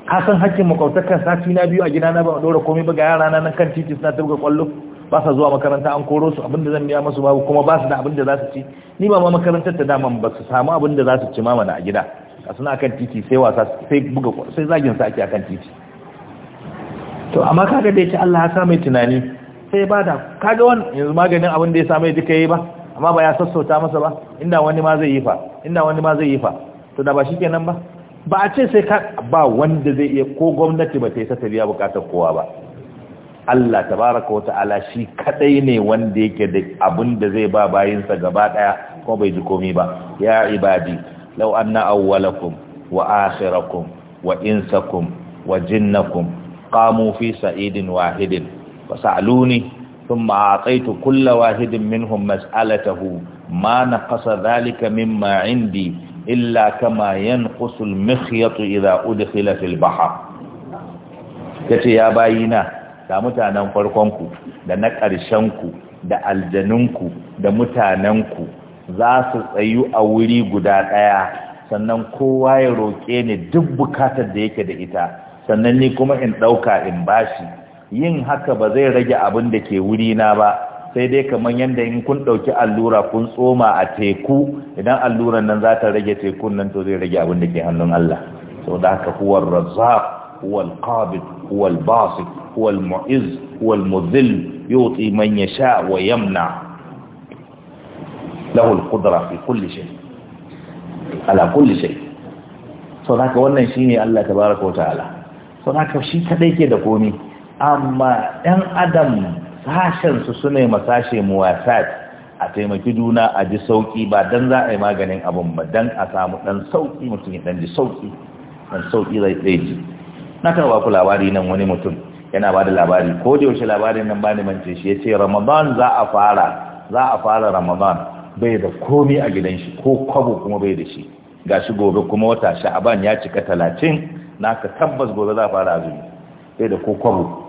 ka san hakkin makwabtakan sati na biyu a gida na ba a dora komai ba ga yara na nan kan titi suna turga kwallo ba sa zuwa makaranta an koro su abinda zan biya masu babu kuma ba su da abinda za su ci ni ba ma makarantar ta dama ba su samu abinda za su ci mama na a gida a suna kan titi sai wasa sai buga sai zagin sa ake akan titi to amma kaga da ce Allah ya sa mai tunani sai bada kaga wani yanzu maganin abin da ya sa mai duka yi ba amma ba ya sassauta masa ba inda wani ma zai yi fa inda wani ma zai yi fa to da ba shi kenan ba ba a ce sai ka ba wanda zai iya ko gwamnati ba ta yi ta biya bukatar kowa ba Allah tabaraka wa ta'ala shi kadai ne wanda yake da abin da zai ba bayinsa gaba daya ko bai ji komai ba ya ibadi law anna awwalakum wa akhirakum wa insakum wa jinnakum qamu fi sa'idin wahidin fasaluni thumma ataitu kulla wahidin minhum mas'alatahu mana naqasa dhalika mimma indi illa kama yanqusu al-mikhyatu idha udkhila fil bahr kace ya bayina da mutanen farkonku da na ƙarshenku da aljanunku da mutanenku za su tsayu a wuri guda ɗaya sannan kowa ya roƙe ni duk bukatar da yake da ita sannan ni kuma in ɗauka in bashi yin haka ba zai rage abin da ke wuri na ba sai dai kamar yadda in kun ɗauki allura kun tsoma a teku idan alluran nan za ta rage tekun nan to zai rage abin da ke hannun Allah sau da haka huwar raza huwal qabid huwal Basi, huwal mu'iz kuwar muzil yau tsimanya sha wa yamna lahul qudra fi kulli shay ala kulli shay so haka wannan shine Allah tabaaraka wa ta'ala so haka shi kadai ke da komi amma ɗan adam sashen su sune masashe muwasat a taimaki juna a ji sauki ba dan za a yi maganin abun ba dan a samu dan sauki mutum dan ji sauki dan sauki zai ji na karba ku labari nan wani mutum yana ba da labari ko da yaushe labarin nan ba ne mance shi ya ce ramadan za a fara za a fara ramadan bai da komi a gidan shi ko kwabo kuma bai da shi gashi gobe kuma wata sha'aban ya cika talatin naka tabbas gobe za fara azumi bai da ko kwabo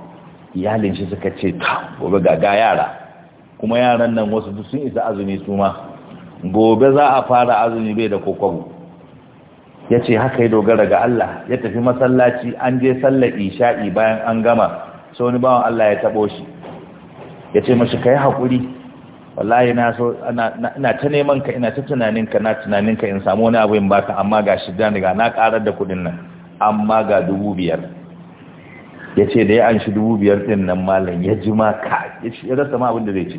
iyalin shi suka ce ta gobe ga ga yara kuma yaran nan wasu duk sun isa azumi su ma gobe za a fara azumi bai da ko kwabo ya ce haka ya dogara ga Allah ya tafi masallaci an je sallar isha'i bayan an gama sai wani bawan Allah ya taɓo shi ya ce mashi ka yi haƙuri wallahi na so ina ta neman ka ina ta tunanin ka na tunanin ka in samu wani abu in baka amma ga shi da ga na karar da kudin nan amma ga dubu biyar ya ce da ya an shi dubu biyar din nan malam ya ji ma ka ya rasa ma abin da zai ce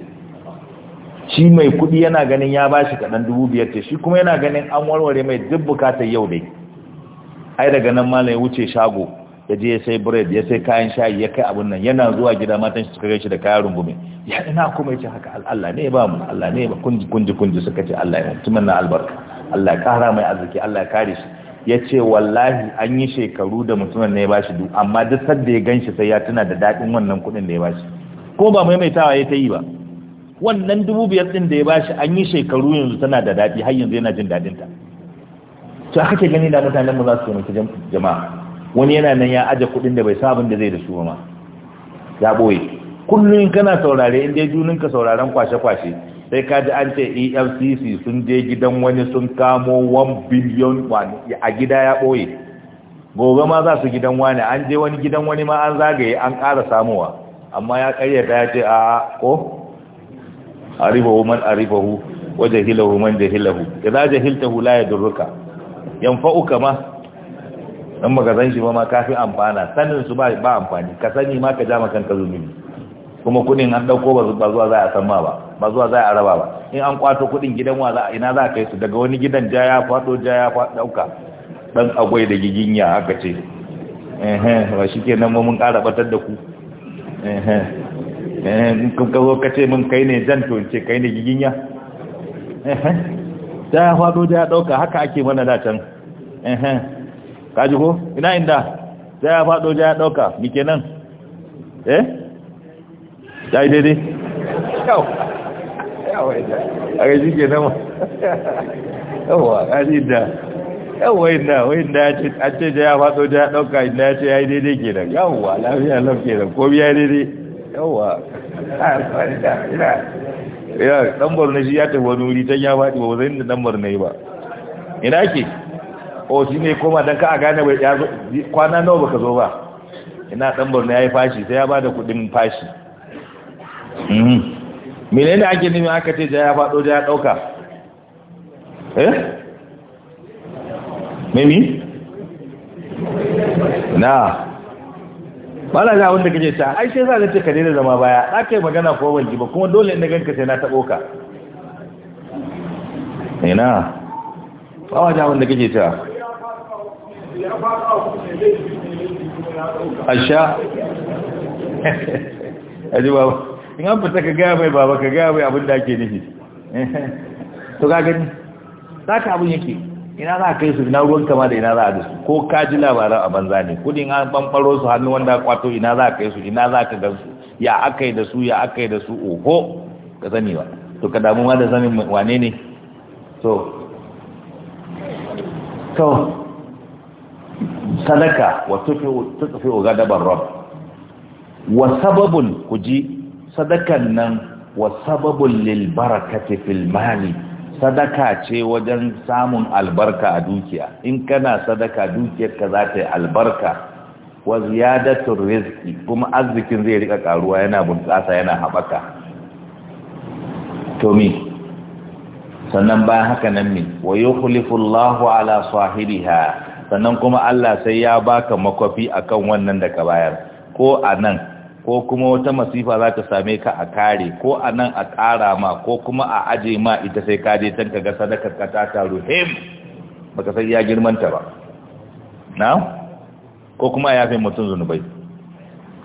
shi mai kudi yana ganin ya ba shi kaɗan dubu biyar ce shi kuma yana ganin an warware mai duk bukatar yau dai ai daga nan malam ya wuce shago ya je ya sai bread ya sai kayan shayi ya kai abin nan yana zuwa gida matan shi suka gaishe da kayan rungume ya ina kuma yake haka Allah ne ba mu Allah ne ba kunji kunji kunji suka ce Allah ya mutumin na albarka Allah ya kara mai arziki Allah ya kare shi yace wallahi an yi shekaru da mutumin ne ya bashi du amma duk sadda ya ganshi sai ya tuna da dadin wannan kudin da ya bashi ko ba maimaitawa ya ta yi ba wannan dubu biyar din da ya bashi an yi shekaru yanzu tana da dadi har yanzu yana jin dadin ta to aka ke gani da mutanen mu za su taimaki jama'a wani yana nan ya aje kudin da bai sa abin da zai da su ba ma ya boye kullum kana saurare in dai juninka sauraren kwashe-kwashe sai ka ji an ce efcc sun je gidan wani sun kamo 1 biliyon a gida ya ɓoye gobe ma za su gidan wani an je wani gidan wani ma an zagaye an ƙara samuwa. amma ya ƙaryata ya ce a ko arifahu man arifahu wa jahilahu man jahilahu hula ya la yadurruka yanfa'uka ma dan magazan shi ba ma kafin amfana sanin su ba amfani ka sani ma ka ja maka kanka zunubi kuma kudin an dauko ba zuwa za a san ma ba ba zuwa za a raba ba in an kwato kudin gidan wa za ina za kai su daga wani gidan ja ya faɗo, ja ya kwato dauka dan agwai da giginya haka ce eh eh ba shikenan mun ƙara batar da ku eh eh kun kawo kace mun kai ne jan to ce kai ne giginya eh eh ja ya faɗo, ja ya dauka haka ake mana da can eh eh kaji ko ina inda ja ya faɗo, ja ya dauka mike nan? eh ya yi daidai a shi ke nama yawa ƙasi da yawa inda wanda ya ce da ya faɗo da ya ɗauka inda ya ce ya yi daidai ke da yawa lafiya lafiya da ko biya daidai yawa ya ɗan na shi ya tafi wani wuri ta ya faɗi ba zai da ɗan na yi ba ina ke o shi ne koma don ka a gane kwana nawa baka zo ba ina ɗan na ya yi fashi sai ya ba da kuɗin fashi Hmm. mene da ake nemi aka ce ya faɗo da ya ɗauka eh memi na bala da abin da kaje ta ai sai za ce ka dena zama baya za ka yi magana ko wanki ba kuma dole na ganka sai na taɓo ka ina bawa da abin da ta asha aji ba in an fita ka gaya mai baba ka gaya mai abin da ake nufi to ka gani za ka abin yake ina za a kai su ina ruwan kama da ina za a dasu ko ka ji labaran a banza ne kudin an bambaro su hannu wanda kwato ina za a kai su ina za ka gan su ya aka yi da su ya aka yi da su oho ka sani ba to ka damu ma da sanin wane ne so to sadaka wa tufi tufi rob wa sababun ku ji. sadakan nan wa sababin lil barakati fil mali sadaka ce wajen samun albarka a dukiya in kana sadaka dukiyarka za ta yi albarka wa ziyadatu rizqi kuma arzikin zai rika karuwa yana bunƙasa yana haɓaka to me sannan ba haka nan ne wa yukhlifu Allahu ala sahibiha sannan kuma Allah sai ya baka makwafi akan wannan da ka bayar ko anan ko kuma wata masifa za ta same ka a kare ko a nan a ƙara ma ko kuma a aje ma ita sai kaje can ka ga sadaka ka ta ruhim him baka san ya girmanta ba na ko kuma ya fi mutum zunubai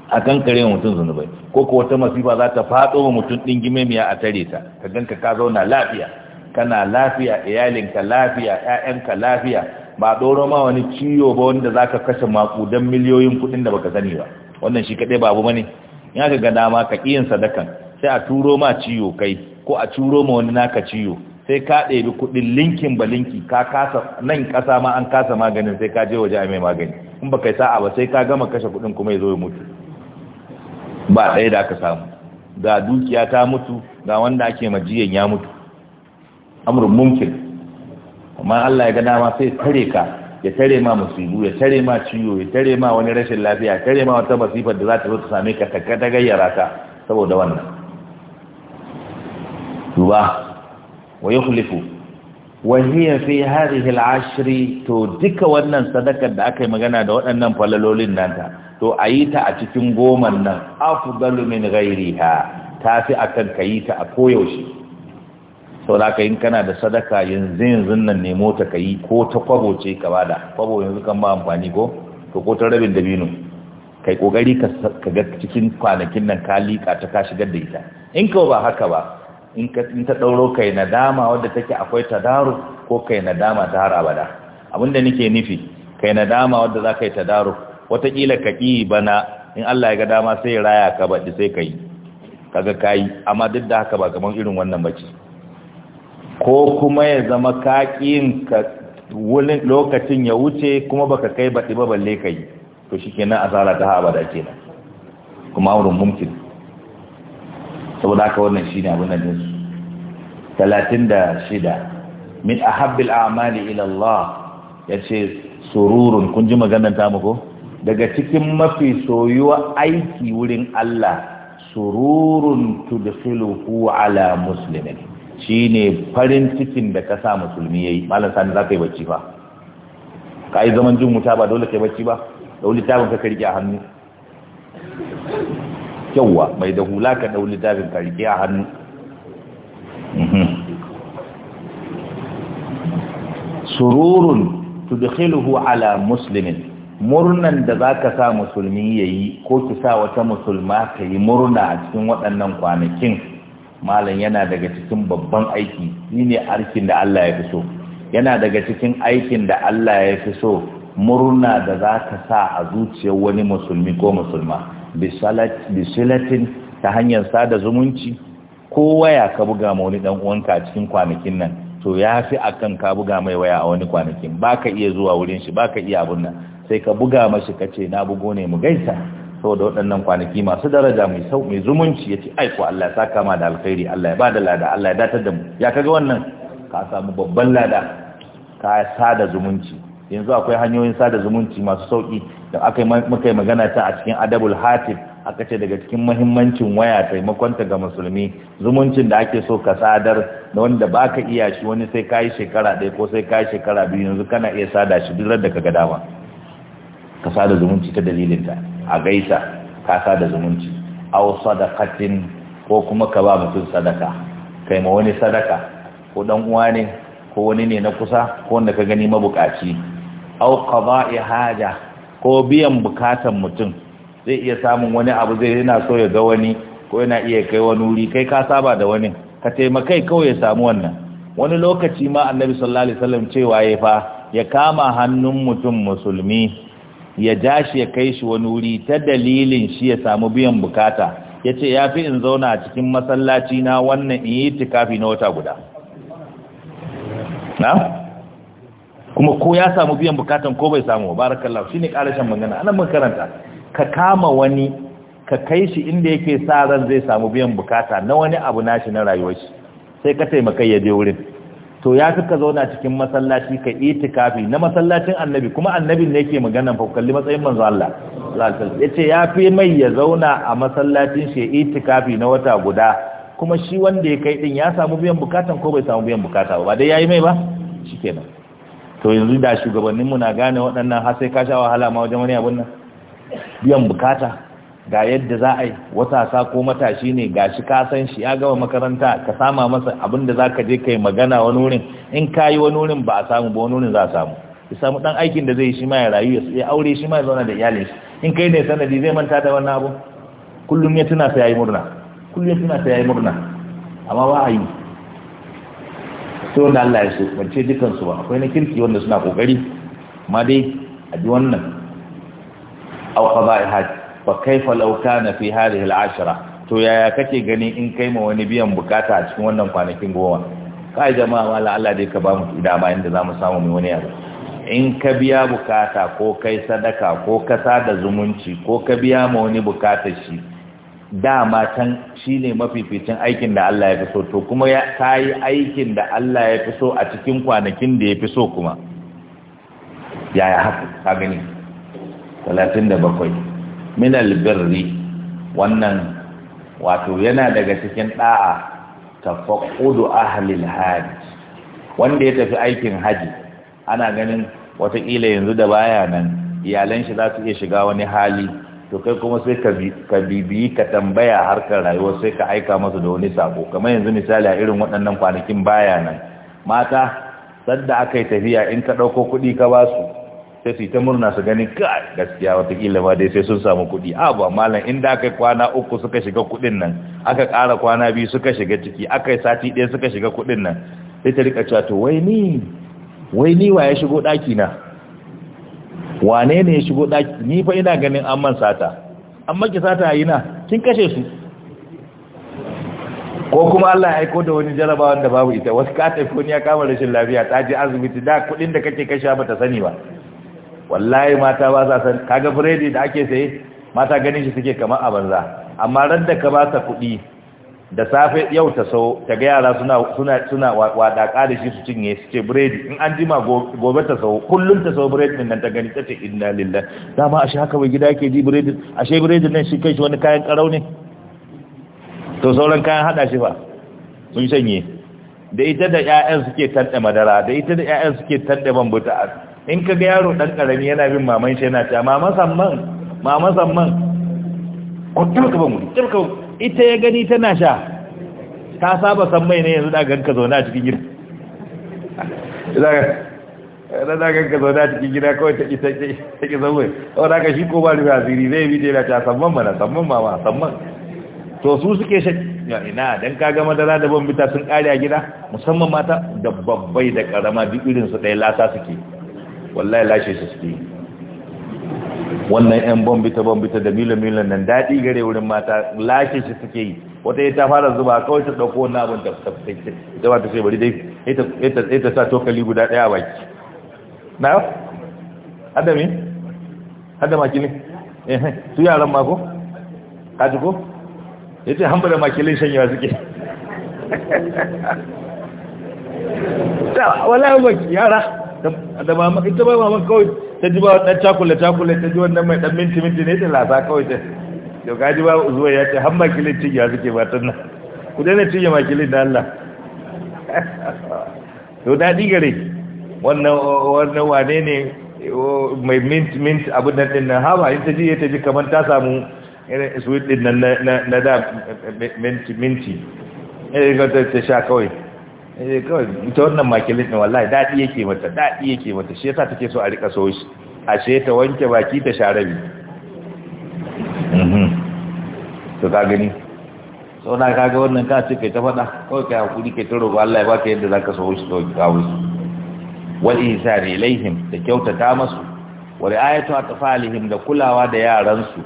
a kan kare mutum zunubai ko ko wata masifa za ta faɗo wa mutum ɗingime miya a tare ta ka ganka ka zauna lafiya kana lafiya iyalinka lafiya ƴaƴanka lafiya ba doro ma wani ciwo ba wanda za ka kashe maƙudan miliyoyin kuɗin da baka sani ba wannan shi kaɗai babu mani in aka ga dama ka ƙiyin sadakan sai a turo ma ciwo kai ko a turo ma wani naka ciwo sai ka ɗebi kuɗin linkin ba linki ka kasa nan ƙasa ma an kasa maganin sai ka je waje a mai magani in ba kai sa'a ba sai ka gama kashe kuɗin kuma ya zo ya mutu ba ɗaya da aka samu ga dukiya ta mutu ga wanda ake majiyan ya mutu amurin mumkin amma Allah ya ga dama sai tare ka ya tare ma musibu ya tare ma ciwo ya tare ma wani rashin lafiya ya tare ma wata masifar da za ta zo ta same ka ka ta gayyara ta saboda wannan duba wa yukhlifu wa hiya fi hadhihi al to duka wannan sadakar da aka yi magana da waɗannan falalolin nan ta to ayi ta a cikin goman nan afdalu min ghairiha fi akan kayi ta a koyaushe saboda in kana da sadaka yanzu yanzu nan ne mota ka yi ko ta kwabo ce ka bada kwabo yanzu kan ba amfani ko to ko ta rabin dabino kai kokari ka ga cikin kwanakin nan ka liƙa ta ka shigar da ita in ka ba haka ba in ka ta dauro kai nadama wadda take akwai tadaru ko kai nadama ta har abada abinda nake nufi kai nadama wadda za ka yi tadaru wataƙila ka ƙi bana in Allah ya ga dama sai ya raya ka baɗi sai ka kaga ka amma duk da haka ba kamar irin wannan bace ko kuma ya zama kakin ka lokacin ya wuce kuma baka kai baɗi ba balle ka yi to shi kenan asara ta haɓa da nan kuma auren mumkin saboda haka wannan shi ne abin da su talatin da shida min a habbil amali ilallah ya ce sururun kun ji maganar tamu ko daga cikin mafi soyuwa aiki wurin Allah sururun tudkhiluhu ala muslimin shine farin cikin da ka sa musulmi yayi malam sani za ka yi bacci fa ka yi zaman jin wuta ba dole kai bacci ba da wuli tabin ka karki a hannu yawwa mai da hula ka da wuli tabin ka rike a hannu mhm. sururun tudkhiluhu ala muslimin murnan da zaka sa musulmi yayi ko ki sa wata musulma ka yi murna a cikin waɗannan kwanakin malam yana daga cikin babban aiki ne arkin da Allah ya fi so yana daga cikin aikin da Allah ya fi so murna da za ka sa a zuciyar wani musulmi ko musulma bisalatin ta hanyar sada zumunci ko waya ka buga ma wani dan uwanka a cikin kwanakin nan to ya fi akan ka buga mai waya a wani kwanakin baka iya zuwa wurin shi baka iya abun nan sai ka buga mashi kace na bugo ne mu gaisa saboda waɗannan kwanaki masu daraja mai sau mai zumunci ya ce aiko Allah ya sa kama da alkhairi Allah ya ba da lada Allah ya datar da mu ya kaga wannan ka samu babban lada ka sada zumunci yanzu akwai hanyoyin sada zumunci masu sauki da aka muka yi magana ta a cikin adabul hatif aka ce daga cikin mahimmancin waya taimakonta ga musulmi zumuncin da ake so ka sadar da wanda ba iya shi wani sai ka yi shekara ɗaya ko sai ka yi shekara biyu yanzu kana iya sada shi duk da ka ga dama ka sada zumunci ta dalilin ta a gaisa kasa da zumunci aw sadaqatin ko kuma ka ba mutum sadaka kai ma wani sadaka ko dan uwa ne ko wani ne na kusa ko wanda ka gani mabukaci au qada'i haja ko biyan bukatan mutum zai iya samun wani abu zai yana so ya ga wani ko yana iya kai wani wuri kai ka saba da wani ka taimakai kawai ya samu wannan wani lokaci ma annabi sallallahu alaihi wasallam cewa ya fa ya kama hannun mutum musulmi ya ja shi ya kai shi wani wuri ta dalilin shi ya samu biyan bukata ya ce ya fi in zauna a cikin masallaci na wannan in yi tikafi na wata guda na? kuma ko ya samu biyan bukatan ko bai samu barakallah shi ne karashen magana ana mun karanta ka kama wani ka kai shi inda yake sa ran zai samu biyan bukata na wani abu nashi na rayuwar shi sai ka taimakai ya je wurin to ya fi ka zauna cikin masallaci ka itikafi na masallacin annabi kuma annabin ne yake magana fa kalli matsayin manzo Allah ya ce ya fi mai ya zauna a masallacin shi itikafi na wata guda kuma shi wanda ya kai din ya samu biyan bukatan ko bai samu biyan bukata ba dai yayi mai ba shikenan to yanzu da shugabannin mu na gane waɗannan har sai ka sha wahala ma wajen wani abun nan biyan bukata ga yadda za a yi watasa ko matashi ne ga shi kasan shi ya gaba makaranta ka sama masa abin da za ka je ka yi magana wani wurin in ka yi wani wurin ba a samu ba wani wurin za a samu ya samu ɗan aikin da zai yi shi ma ya rayu ya aure shi ma ya zauna da iyalin shi in kai ne sanadi zai manta da wannan abu kullum ya tuna sai ya yi murna kullum ya tuna sai ya yi murna amma ba a yi sai wanda Allah ya so wance dukansu ba akwai na kirki wanda suna kokari ma dai a bi wannan au qada'i haji fa kaifa law kana fi hadhihi al'ashra to yaya kake gani in kai ma wani biyan bukata a cikin wannan kwanakin goma kai jama'a wala Allah dai ka ba mu dama inda zamu samu mai wani abu in ka biya bukata ko kai sadaka ko ka sada zumunci ko ka biya ma wani bukata shi dama can shine mafificin aikin da Allah ya fi so to kuma ya yi aikin da Allah ya fi so a cikin kwanakin da ya fi so kuma yaya haka ka gani 37 Minal Birri, wannan wato yana daga cikin da'a tafaqqudu ahlil hajj wanda ya tafi aikin haji ana ganin watakila yanzu da baya nan iyalan shi za su iya shiga wani hali to kai kuma sai ka bibiyi ka tambaya harkar rayuwa sai ka aika masu da wani sako kamar yanzu misali a irin waɗannan kwanakin baya nan mata sadda aka yi tafiya in ka ɗauko kuɗi ka basu. sai su yi ta murna su gani kai gaskiya watakila ma dai sai sun samu kuɗi a ba malam inda aka kwana uku suka shiga kuɗin nan aka ƙara kwana biyu suka shiga ciki aka yi sati ɗaya suka shiga kuɗin nan sai ta rika cewa to wai ni wai ni wa ya shigo ɗaki na wane ne ya shigo ɗaki ni fa ina ganin an man sata an maki sata yi na kin kashe su ko kuma Allah ya aiko da wani jarabawa da babu ita wasu ka tafi wani ya kama rashin lafiya ta je asibiti da kuɗin da kake kashe ba ta sani ba wallahi mata ba sa san kaga biredi da ake saye mata ganin shi suke kamar a banza amma ran da ka ba ta kuɗi da safe yau ta so ta ga yara suna suna suna wadaka da shi su cinye su ce biredi in an jima gobe ta so kullum ta so biredi nan ta gani ta ce inna lillah dama ashe haka bai gida ke ji biredi ashe biredi nan shi kai shi wani kayan karau ne to sauran kayan hada shi fa sun shanye da ita da ƴaƴan suke tande madara da ita da ƴaƴan suke tande buta in ka ga yaro ɗan ƙarami yana bin maman shi yana ta mama samman mama samman ko tilka ban wuri ita ya gani tana sha ta saba samman ne yanzu da ka zaune a cikin gida da za ka zaune a cikin gida kawai ta ƙi ta ƙi zaune wani aka shi ko ba rufe asiri zai bi da ta samman mana samman mama samman to su suke shi ya ina don ka ga madara da bambita sun ƙari a gida musamman mata da babbai da ƙarama duk irinsu ɗaya lasa suke wallahi lashe su suke wannan yan bombita bombita da milan milan nan daɗi gare wurin mata lashe shi suke yi wata ya ta fara zuba kawai ta ɗauko wani abin da ta ita ba ta ce bari dai ita sa tokali guda ɗaya a baki na adami hada maki ne eh, eh, su yaran mako kaji ko ya ce hamba da makilin shanyewa suke wala baki yara da ma ita ba ma kawai ta ji ba dan cakule cakule ta ji wannan mai dan minti minti ne ta lasa kawai ta to ji ba zuwa ya ce hamma kilin ciki ya suke ba tunna ku daina ma kilin da Allah to daɗi gare wannan wannan wane ne mai mint mint Abu da din nan haba in ta ji ta ji kamar ta samu irin sweet din nan na da eh, eh, minti minti eh ga ta sha kawai eh kawai ita wannan makilin ne wallahi dadi yake mata dadi yake mata shi yasa take so a rika so shi ashe ta wanke baki ta sharabi mhm to ka gani so na kaga wannan ka ce kai ta fada kawai kai hakuri kai ta ga Allah ya baka yadda zaka so shi to ka wuce wal ihsan ilaihim da kyauta ta masu wa ri'ayatu atfalihim da kulawa da yaran su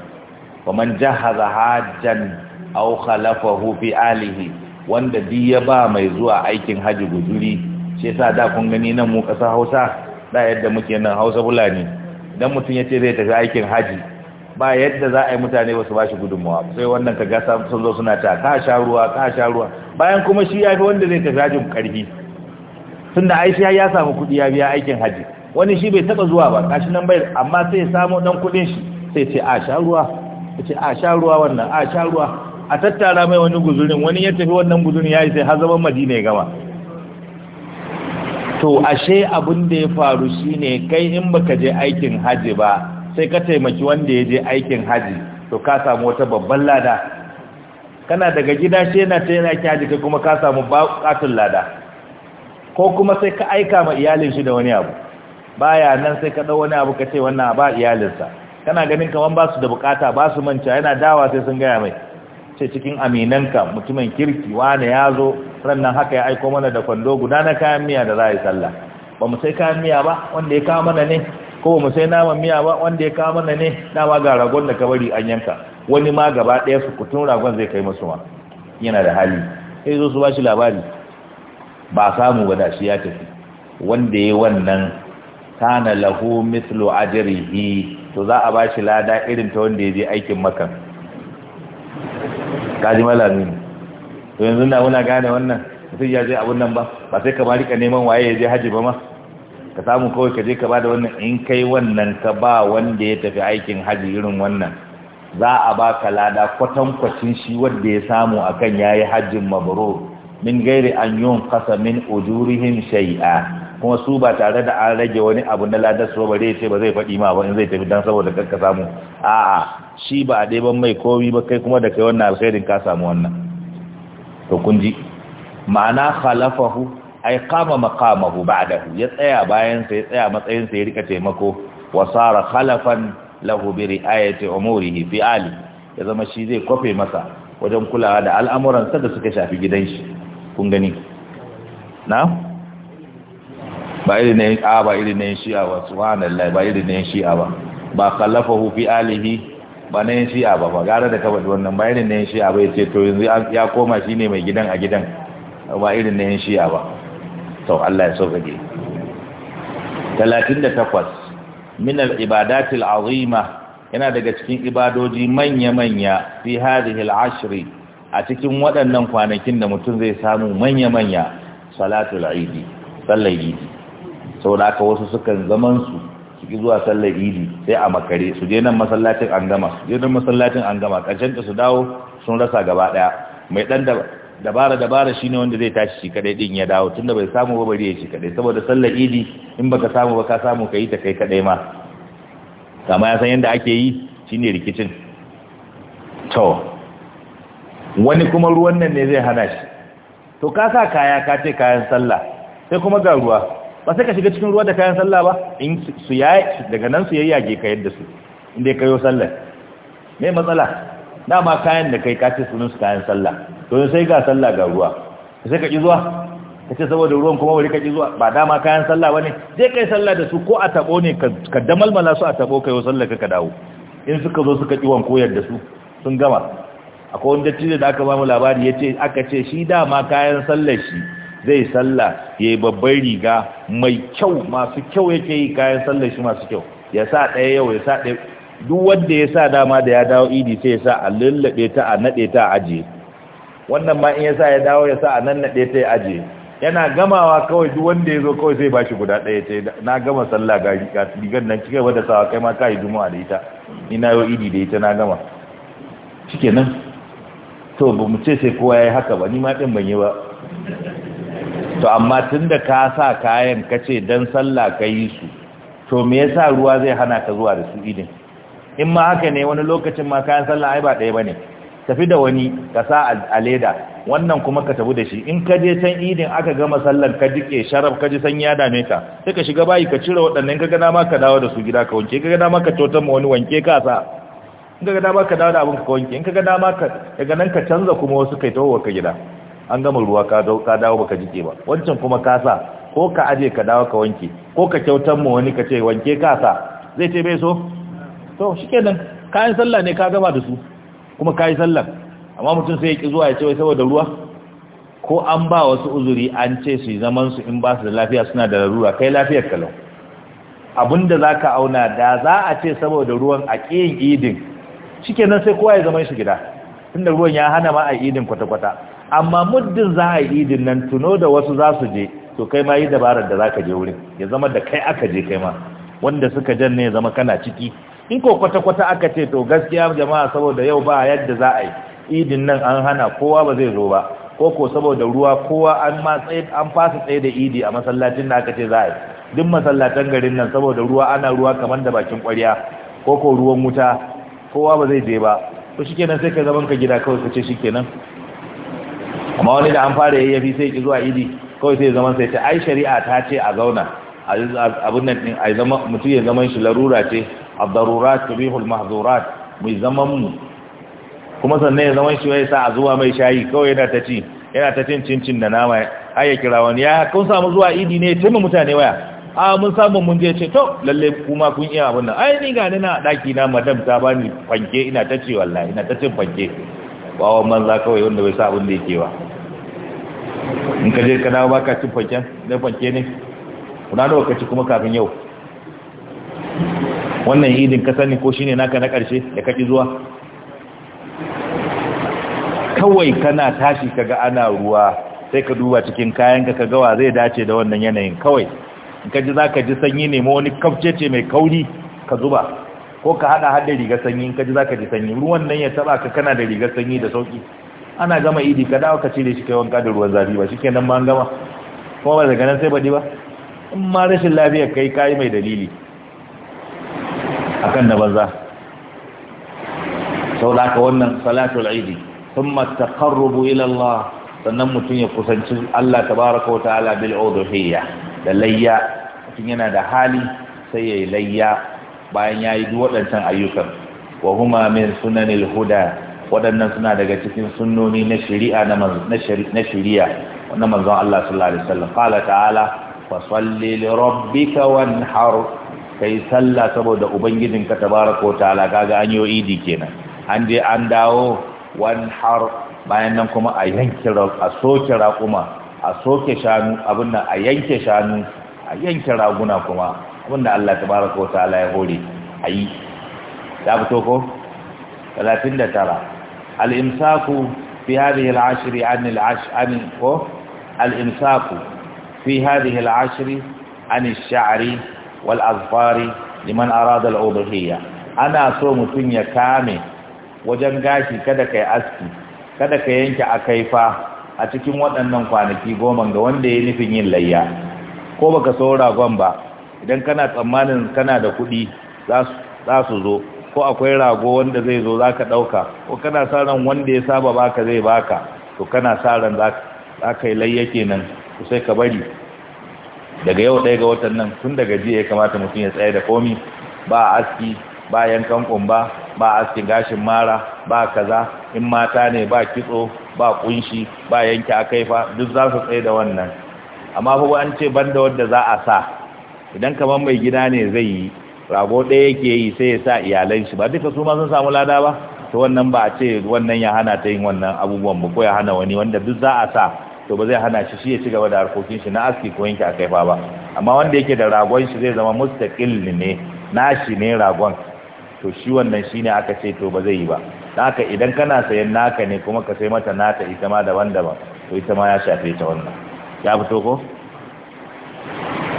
wa man jahaza hajjan aw khalafahu fi alihi wanda duk ya ba mai zuwa aikin haji guzuri shi yasa da kun gani nan mu kasa Hausa da yadda muke nan Hausa bulani dan mutum yace zai tafi aikin haji ba yadda za a yi mutane ba su bashi sai wannan ka ga sun zo suna ta ka sha ruwa ka sha ruwa bayan kuma shi ya fi wanda zai tafi hajin karfi tun da aisha ya samu kudi ya biya aikin haji wani shi bai taɓa zuwa ba kashi nan bai amma sai ya samu dan kudin shi sai ce a sha ruwa sai ce a sha ruwa wannan a sha ruwa a tattara mai wani guzurin wani ya tafi wannan guzurin ya yi sai har zaman madina ya gama to ashe abin da ya faru shine kai in baka je aikin haji ba sai ka taimaki wanda ya je aikin haji to ka samu wata babban lada kana daga gida shi yana ta yana kyaji kai kuma ka samu bukatun lada ko kuma sai ka aika ma iyalin shi da wani abu baya nan sai ka dau wani abu ka ce wannan ba iyalinsa kana ganin kaman ba su da bukata ba su manta yana dawa sai sun gaya mai ce cikin aminanka mutumin kirki wane ya zo rannan haka ya aiko mana da kwando guda na kayan miya da za a yi sallah ba mu sai kayan miya ba wanda ya kawo mana ne ko ba mu sai naman miya ba wanda ya kawo mana ne dama ga ragon da kabari an yanka wani ma gaba ɗaya su kutun ragon zai kai musu ma yana da hali sai zo su ba shi labari ba samu ba da shi ya tafi wanda ya wannan kana lahu mislu ajrihi to za a ba shi lada irin ta wanda ya je aikin makan kaji malami ne to yanzu na muna gane wannan mutum ya je abun nan ba ba sai ka rika neman waye ya je haji ba ma ka samu kawai ka je ka bada wannan in kai wannan ka ba wanda ya tafi aikin haji irin wannan za a ba ka lada kwatankwacin shi wanda ya samu akan yayi hajjin mabrur min gairi an yun min ujurihim shay'a kuma su ba tare da an rage wani abu na ladar ba zai ce ba zai faɗi ma ba in zai tafi dan saboda kanka samu a'a shi ba a ɗeban mai komi ba kai kuma da kai wannan alkhairin ka samu wannan to kun ji ma'ana khalafahu ai qama maqamahu ba'dahu ya tsaya bayan sa ya tsaya matsayin sa ya rika taimako wa sara khalafan lahu bi ri'ayati umurihi fi ali ya zama shi zai kofe masa wajen kulawa da al'amuran sa da suka shafi gidan shi kun gani na'am ba irin na yin a ba irin na yin shi'a ba subhanallah ba irin na yin shi'a ba ba khallafahu fi alihi ba na yin shi'a ba ba gara da ka wannan ba irin na yin shi'a ba ya ce to yanzu ya koma shi ne mai gidan a gidan ba irin na yin shi'a ba to Allah ya sauƙaƙe 38 min al-ibadatil azima yana daga cikin ibadoji manya-manya fi hadhihi al-ashri a cikin waɗannan kwanakin da mutum zai samu manya-manya salatul aidi sallar eid saboda haka wasu sukan zaman su su zuwa sallar idi sai a makare su je nan masallacin an gama su je nan masallacin an gama ƙarshen da su dawo sun rasa gaba ɗaya mai ɗan dabara dabara shine wanda zai tashi shi kadai din ya dawo tunda bai samu ba bari ya shi kadai saboda sallar idi in baka samu ba ka samu kai ta kai kadai ma kama ya san yadda ake yi shine rikicin to wani kuma ruwan nan ne zai hana shi to ka sa kaya ka ce kayan sallah sai kuma ga ruwa ba sai ka shiga cikin ruwa da kayan sallah ba in su yayi daga nan su yayyage ka yadda su inda kayo sallah me matsala dama kayan da kai kace sunan su kayan sallah to sai ga sallah ga ruwa sai ka ji zuwa kace saboda ruwan kuma bari ka ji zuwa ba dama kayan sallah bane sai kai sallah da su ko a tabo ne ka damalmala su a tabo kayo sallah ka dawo in suka zo suka kiwon koyar da su sun gama akwai wanda tilo da aka ba mu labari yace aka ce shi dama kayan sallar shi zai sallah yi babban riga mai kyau masu kyau yake yi kayan sallar shi masu kyau ya sa ɗaya yau ya sa ɗaya duk wanda ya sa dama da ya dawo idi sai ya sa a lullaɓe ta a naɗe ta a ajiye wannan ma in ya sa ya dawo ya sa a nan naɗe ta ya ajiye yana gamawa kawai duk wanda ya zo kawai zai bashi guda ɗaya ta na gama sallah ga rigar nan cikin wadda sawa kai ma kayi juma'a da ita ina yau idi da ita na gama shikenan to ba mu ce sai kowa ya yi haka ba ni ma ɗin ban yi ba to amma tunda ka sa kayan kace dan sallah ka yi su to me yasa ruwa zai hana ka zuwa da su idin in ma haka ne wani lokacin ma kayan sallah ai ba ɗaya bane tafi da wani ka sa a leda wannan kuma ka tabu da shi in ka je can idin aka gama sallar ka jike sharaf ka ji sanyi ya dame ka sai ka shiga bayi ka cire waɗannan ka gana ma ka dawo da su gida ka wanke ka gana ma ka cotar ma wani wanke ka sa in ka gana ma ka dawo da abin ka wanke in ka gana ma ka daga nan ka canza kuma wasu kai tawo ka gida an gama ruwa ka dawo baka jike ba wancan kuma ka sa ko ka aje ka dawo ka wanke ko ka kyautar mu wani ka ce wanke ka sa zai ce bai so to shikenan kayan sallah ne ka gama da su kuma kayi sallah amma mutum sai ya ki zuwa ya ce wai saboda ruwa ko an ba wasu uzuri an ce su zaman su in ba su da lafiya suna da larura kai lafiyar lau abinda za auna da za a ce saboda ruwan a kiyin idin shikenan sai kowa ya zama shi gida tunda ruwan ya hana ma a idin kwata-kwata amma muddin za a yi idin nan tuno da wasu za su je to kai ma yi dabarar da za ka je wurin ya zama da kai aka je kai ma wanda suka jan ne ya zama kana ciki in ko kwata-kwata aka ce to gaskiya jama'a saboda yau ba yadda za a yi idin nan an hana kowa ba zai zo ba ko ko saboda ruwa kowa an ma tsaye an fasa tsaye da idi a masallacin da aka ce za a yi duk masallatan garin nan saboda ruwa ana ruwa kamar da bakin ƙwarya ko ko ruwan wuta kowa ba zai je ba to shikenan sai ka zaman ka gida kawai ka ce shikenan amma wani da an fara yayyafi sai ki zuwa idi kawai sai zaman sai ta ai shari'a ta ce a zauna abin nan din ai zama mutum ya zaman shi larura ce ad-darurat tubihul mahzurat mu zaman mu kuma sannan ya zaman shi wai sa a zuwa mai shayi kawai yana ta ci yana ta cin cincin da nama ai ya kira wani ya kun samu zuwa idi ne tun mutane waya a mun samu mun je ce to lalle kuma kun iya abin nan ai ni ga ni na daki na madam ta bani fanke ina ta ce wallahi ina ta cin fanke bawan manza kawai wanda bai sa abin da yake ba in ka je ka dawo baka cin fanken dan fanke ne kuna da lokaci kuma kafin yau wannan idin ka sani ko shine naka na karshe da kaki zuwa kawai kana tashi kaga ana ruwa sai ka duba cikin kayan ka gawa zai dace da wannan yanayin kawai in ka ji za ka ji sanyi ne ma wani kafcece mai kauri ka zuba ko ka hada hada rigar sanyi in ka ji za ka ji sanyi ruwan nan ya taba ka kana da rigar sanyi da sauki ana gama idi ka dawo ka cire shi kai wanka da ruwan zafi ba shikenan ma an gama kuma ba daga nan sai badi ba in ma rashin lafiya kai kayi mai dalili akan na banza sau da aka wannan salatul aidi sun matakarrubu ilallah sannan mutum ya kusanci Allah tabaraka wa ta'ala bil udhiyya da layya mutum yana da hali sai ya yi layya bayan ya yi waɗancan ayyukan wa huma min sunanil huda waɗannan suna daga cikin sunnoni na shari'a na shari'a Wannan manzon Allah sallallahu alaihi wasallam qala ta'ala fa salli li rabbika wanhar kai sallah saboda ubangijinka tabaraka wa ta'ala kaga an yi idi kenan an je an dawo wanhar bayan nan kuma a yanke a soke raƙuma a soke shanu abin nan a yanke shanu a yanke raguna kuma abinda Allah tabaraka wa ta'ala ya hore ayi ta fito ko 39 al-imsaku fi hadhihi al-ashr an al al-imsaku fi hadhihi al an shari wal-azfari liman arada al-udhiyya ana so mutun ya kame wajen gashi kada kai aski kada ka yanke akaifa a cikin waɗannan kwanaki goma ga wanda ya nufin yin layya ko baka so gon ba idan kana tsammanin kana da kuɗi za su zo ko akwai rago wanda zai zo zaka dauka ko kana sa ran wanda ya saba baka zai baka to kana sa ran zaka yi layya kenan sai ka bari daga yau ɗaya ga watan nan tun daga jiya ya kamata mutum ya tsaye da komi ba aski ba yankan kumba ba askin gashin mara ba kaza in mata ne ba kitso ba kunshi ba yanke fa duk za su tsaye da wannan amma fa an ce banda wanda za a sa idan kamar mai gida ne zai yi rago ɗaya yake yi sai ya sa iyalan shi ba duka su ma sun samu lada ba to wannan ba a ce wannan ya hana ta yin wannan abubuwan ba ko ya hana wani wanda duk za a sa to ba zai hana shi shi ya ci gaba da harkokin shi na aski ko yanke a kai ba amma wanda yake da ragon shi zai zama mustaqil ne nashi ne ragon to shi wannan shine aka ce to ba zai yi ba haka idan kana sayan naka ne kuma ka sai mata nata ita ma daban-daban to ita ma ya shafe ta wannan ya fito ko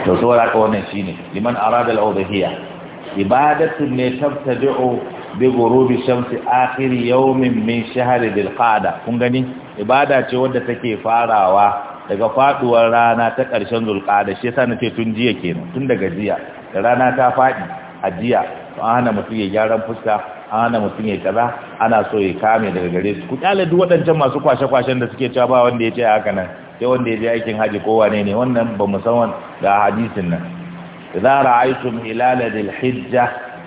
to saboda ko wannan shine liman arada al udhiyah ibadatun ne tabtadi'u bi ghurubi shamsi akhir yawmin min shahri bil qa'da kun gani ibada ce wadda take farawa daga faduwar rana ta ƙarshen zulqa'da shi yasa nace tun jiya kenan tun daga jiya da rana ta fadi a jiya an hana mutun ya gyaran fuska an hana mutum ya kaza ana so ya kame daga gare su ku kyale duk waɗancan masu kwashe-kwashen da suke cewa ba wanda ya ce haka nan sai wanda ya ji aikin haji ko wane ne wannan ba mu ga da hadisin nan idan ra'aytum hilala dil hijja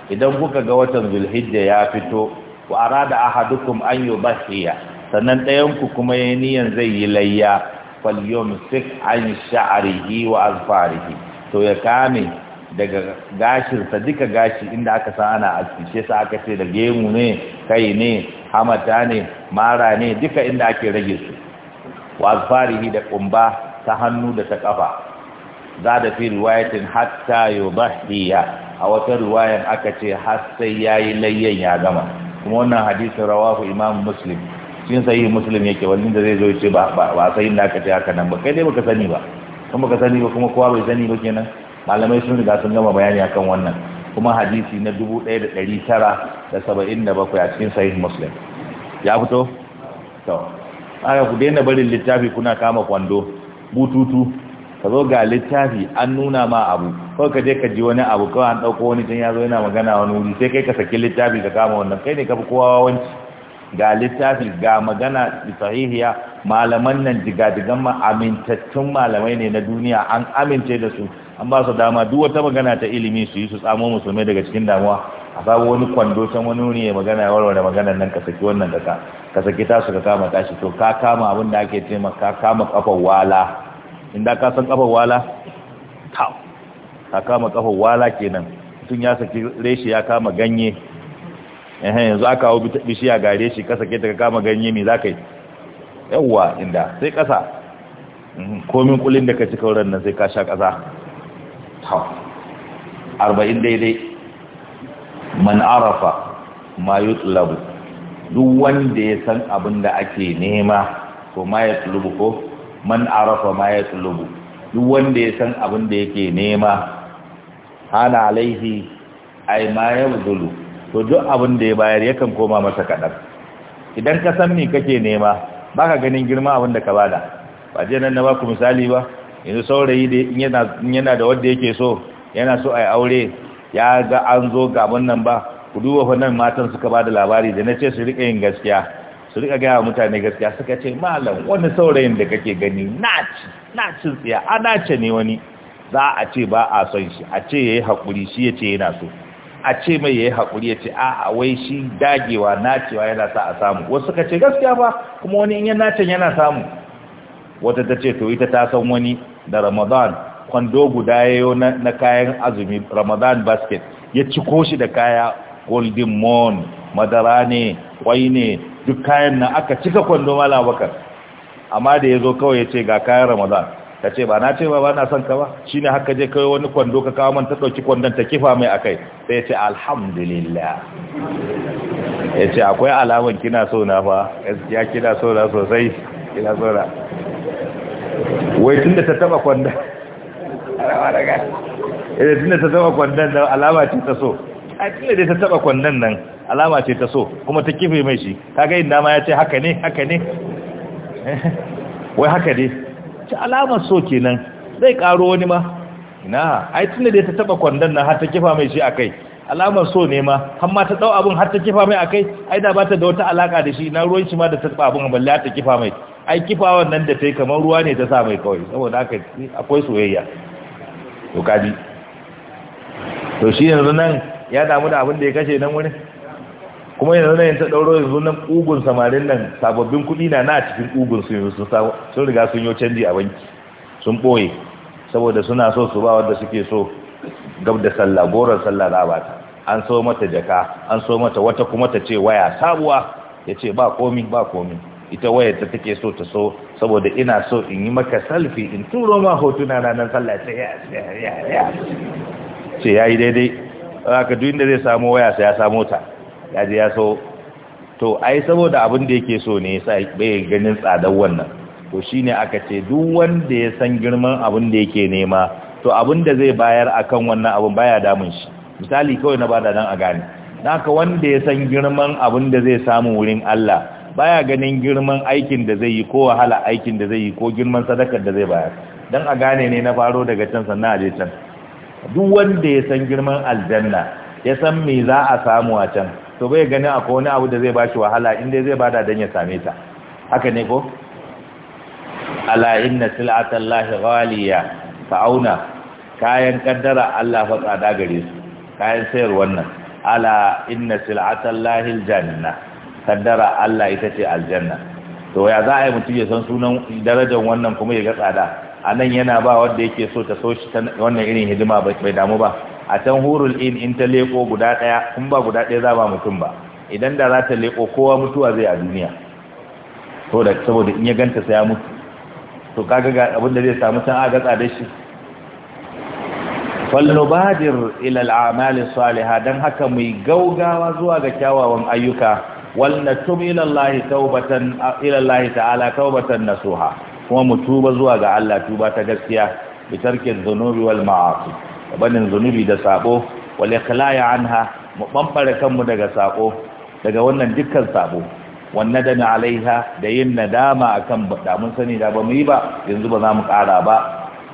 idan kuka ga watan zulhijja ya fito wa arada ahadukum an yudhiya sannan ɗayan ku kuma yayin niyan zai yi layya fal yumsik an sha'rihi wa azfarihi to ya kame daga gashinsa duka gashi inda aka san ana askice sa aka ce da gemu ne kai ne hamata ne mara ne duka inda ake rage su wa azfarihi da kumba ta hannu da ta kafa zada fi riwayatin hatta yubahiya a wata riwayar aka ce har sai yayi layyan ya gama kuma wannan hadisin rawahu imam muslim cikin sahihi muslim yake wannan da zai zo ce ba ba sai inda aka ce haka nan ba kai dai baka sani ba kuma baka sani ba kuma kowa bai sani ba kenan malamai sun riga sun gama bayani akan wannan kuma hadisi na 1977 a cikin sahih muslim ya fito to aka ku daina barin littafi kuna kama kwando bututu ka zo ga littafi an nuna ma abu ko ka je ka ji wani abu kawai an ɗauko wani can ya zo yana magana wani wuri sai kai ka saki littafi ka kama wannan kai ne ka fi kowa wanci ga littafi ga magana sahihiya malaman nan digadigan ma amintattun malamai ne na duniya an amince da su an ba su dama duk wata magana ta ilimi su yi su tsamo musulmai daga cikin damuwa a babu wani kwando can wani wuri ya magana ya warware maganar nan ka saki wannan ka ka saki tasu ka kama tashi to ka kama abin da ake ce ka kama kafa wala inda ka san kafar wala ta ka kama kafar wala kenan mutum ya saki reshe ya kama ganye ehe yanzu aka hau bishiya ga shi ka sake ta ka kama ganye me ka yi yawwa inda sai kasa mhm, komin kulin da ka ci kauran nan sai ka sha kasa ta arba'in daidai man arafa ma yutlabu duk wanda ya san abin da ake nema ko ma ya tulubu ko man arafa ma ya tulubu duk wanda ya san abin da yake nema hana alaihi ai ma ya buzulu to duk abin da ya bayar yakan koma masa kaɗan idan ka san me kake nema baka ganin girma abin da ka bada ba je nan na baku misali ba yanzu saurayi da in yana da wanda yake so yana so ai aure ya ga an zo gaban nan ba ku duba fa nan matan suka bada labari da na ce su rike yin gaskiya su rika gaya mutane gaskiya suka ce malam wani saurayin da kake gani naci nacin tsaye a nace ne wani za a ce ba a son shi a ce ya yi haƙuri shi ya ce yana so a ce mai ya yi haƙuri ya ce a wai shi dagewa nacewa yana sa a samu wasu suka ce gaskiya ba kuma wani in ya yana samu wata ta ce to ita ta san wani da ramadan kwando guda ya yi na kayan azumi ramadan basket ya ciko shi da kaya golden moon madara ne kwai ne duk kayan nan aka cika kwando mala bakar amma da ya zo kawai ya ce ga kayan ramadan ka ce ba na ce ba ba na son ka ba shi ne haka je kawai wani kwando ka kawo man ta ɗauki kwandon ta kifa mai a kai sai ya ce alhamdulillah ya ce akwai alaman kina so na fa ya kina so na sosai kina so na wai tun da ta taba kwandon ya eh, tun da ta taba kwandon nan alama ce ta so a tun da ta taba kwandon nan alama ce ta so kuma ta kife mai shi kaga yin dama ya ce haka ne haka ne eh, wai haka ne ci alamar so kenan zai karo wani ma ina ai tunda da ta taba kwandon nan har ta kifa mai shi akai alamar so ne ma har ma ta dau abun har ta kifa mai akai ai da bata da wata alaka da shi na ruwan shi ma da ta taba abun balle ta kifa mai ai kifa wannan da tai kamar ruwa ne ta sa mai kawai saboda haka akwai soyayya to kaji to shi yanzu nan ya damu da abin da ya kashe nan wani kuma yanzu nan ta ɗauro yanzu nan ƙugun samarin nan sababbin kuɗi na na cikin ƙugun su yanzu sun riga sun yi canji a banki sun ɓoye saboda suna so su ba wadda suke so gab da sallah goron sallah za ba an so mata jaka an so mata wata kuma ta ce waya sabuwa ya ce ba komi ba komi ita waya ta take so ta so saboda ina so in yi maka salfi in turo ma hotuna na nan sallah sai ya ya ya ce ya yi daidai ka duk inda zai samu waya sai ya samu ta ya ya so to ai saboda abin da yake so ne sai bai ganin tsadar wannan to shine aka ce duk wanda ya san girman abin da yake nema to abin da zai bayar akan wannan abin baya damun shi misali kawai na bada dan a gane naka wanda ya san girman abin da zai samu wurin Allah baya ganin girman aikin da zai yi ko wahala aikin da zai yi ko girman sadakar da zai bayar dan a gane ne na faro daga can sannan a je can duk wanda ya san girman aljanna ya san me za a samu a can to bai ganin akwai wani abu da zai shi wahala inda zai bada dan ya same ta haka ne ko ala inna sil'atallahi ghaliya fa'auna kayan kaddara Allah fa tsada gare su kayan sayar wannan ala inna sil'atallahi aljanna kaddara Allah ita ce aljanna to ya za a yi mutum ya san sunan darajar wannan kuma ya ga tsada anan yana ba wanda yake so ta so shi wannan irin hidima bai damu ba a can hurul in in ta leko guda ɗaya kun ba guda ɗaya za ba mutum ba idan da za ta leko kowa mutuwa zai a duniya to da saboda in ya ganta sai ya mutu to kaga ga abin da zai samu can ga tsada shi falnubadir ila al'amali salihah dan haka mu gaugawa zuwa ga kyawawan ayyuka wal natub ila Allah taubatan ila Allah ta'ala taubatan nasuha kuma mu tuba zuwa ga Allah tuba ta gaskiya bitarkin dhunubi wal ma'asi da banin zunubi da sabo wal ikhlaya anha mu bambare kanmu daga saƙo, daga wannan dukkan sabo Wanne da na alaiha da yin nadama akan da mun sani da ba mu yi ba yanzu ba za mu ƙara ba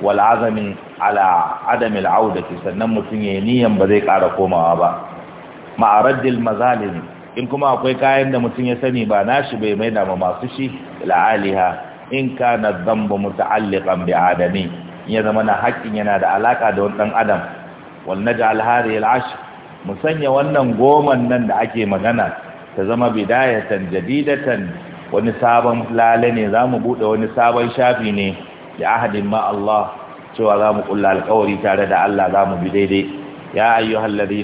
wal azami ala adam da ke, sannan mutum ya niyan ba zai ƙara komawa ba ma'araddil mazalim in kuma akwai kayan da mutum ya sani ba nashi bai mai da masu shi ila aliha in kana dhanbu muta'alliqan bi adami ya zama na haƙƙin yana da alaƙa da wani adam wal naj'al hadhihi al mu sanya wannan goman nan da ake magana ta zama bidayatan jadidatan wani sabon lale ne zamu bude wani sabon shafi ne da ahadin ma Allah cewa zamu kulla alƙawari tare da Allah zamu bi daidai ya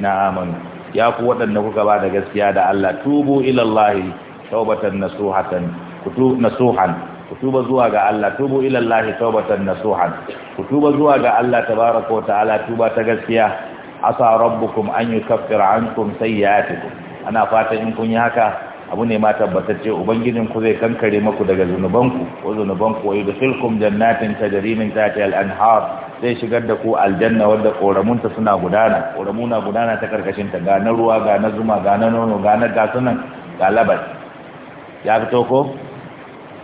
na amanu ya ku waɗanda kuka ba da gaskiya da Allah tubu ilallahi taubatan tawbatan nasuhatan nasuhan ku tuba zuwa ga Allah tubu ila Allah tawbatan nasuhan ku tuba zuwa ga Allah tabaaraka wa ta'ala tuba ta gaskiya asa rabbukum an yukaffira ankum sayyi'atikum ana fatan in kun yi haka abu ne ma tabbatacce ubangijin ku zai kankare muku daga zunubanku ko zunubanku wa yudkhilkum jannatin tajri min tahtiha al-anhar zai shigar da ku aljanna wadda koramunta suna gudana koramuna gudana ta karkashin ga na ruwa ga zuma ga nono ga na gasunan ga labar ya fito ko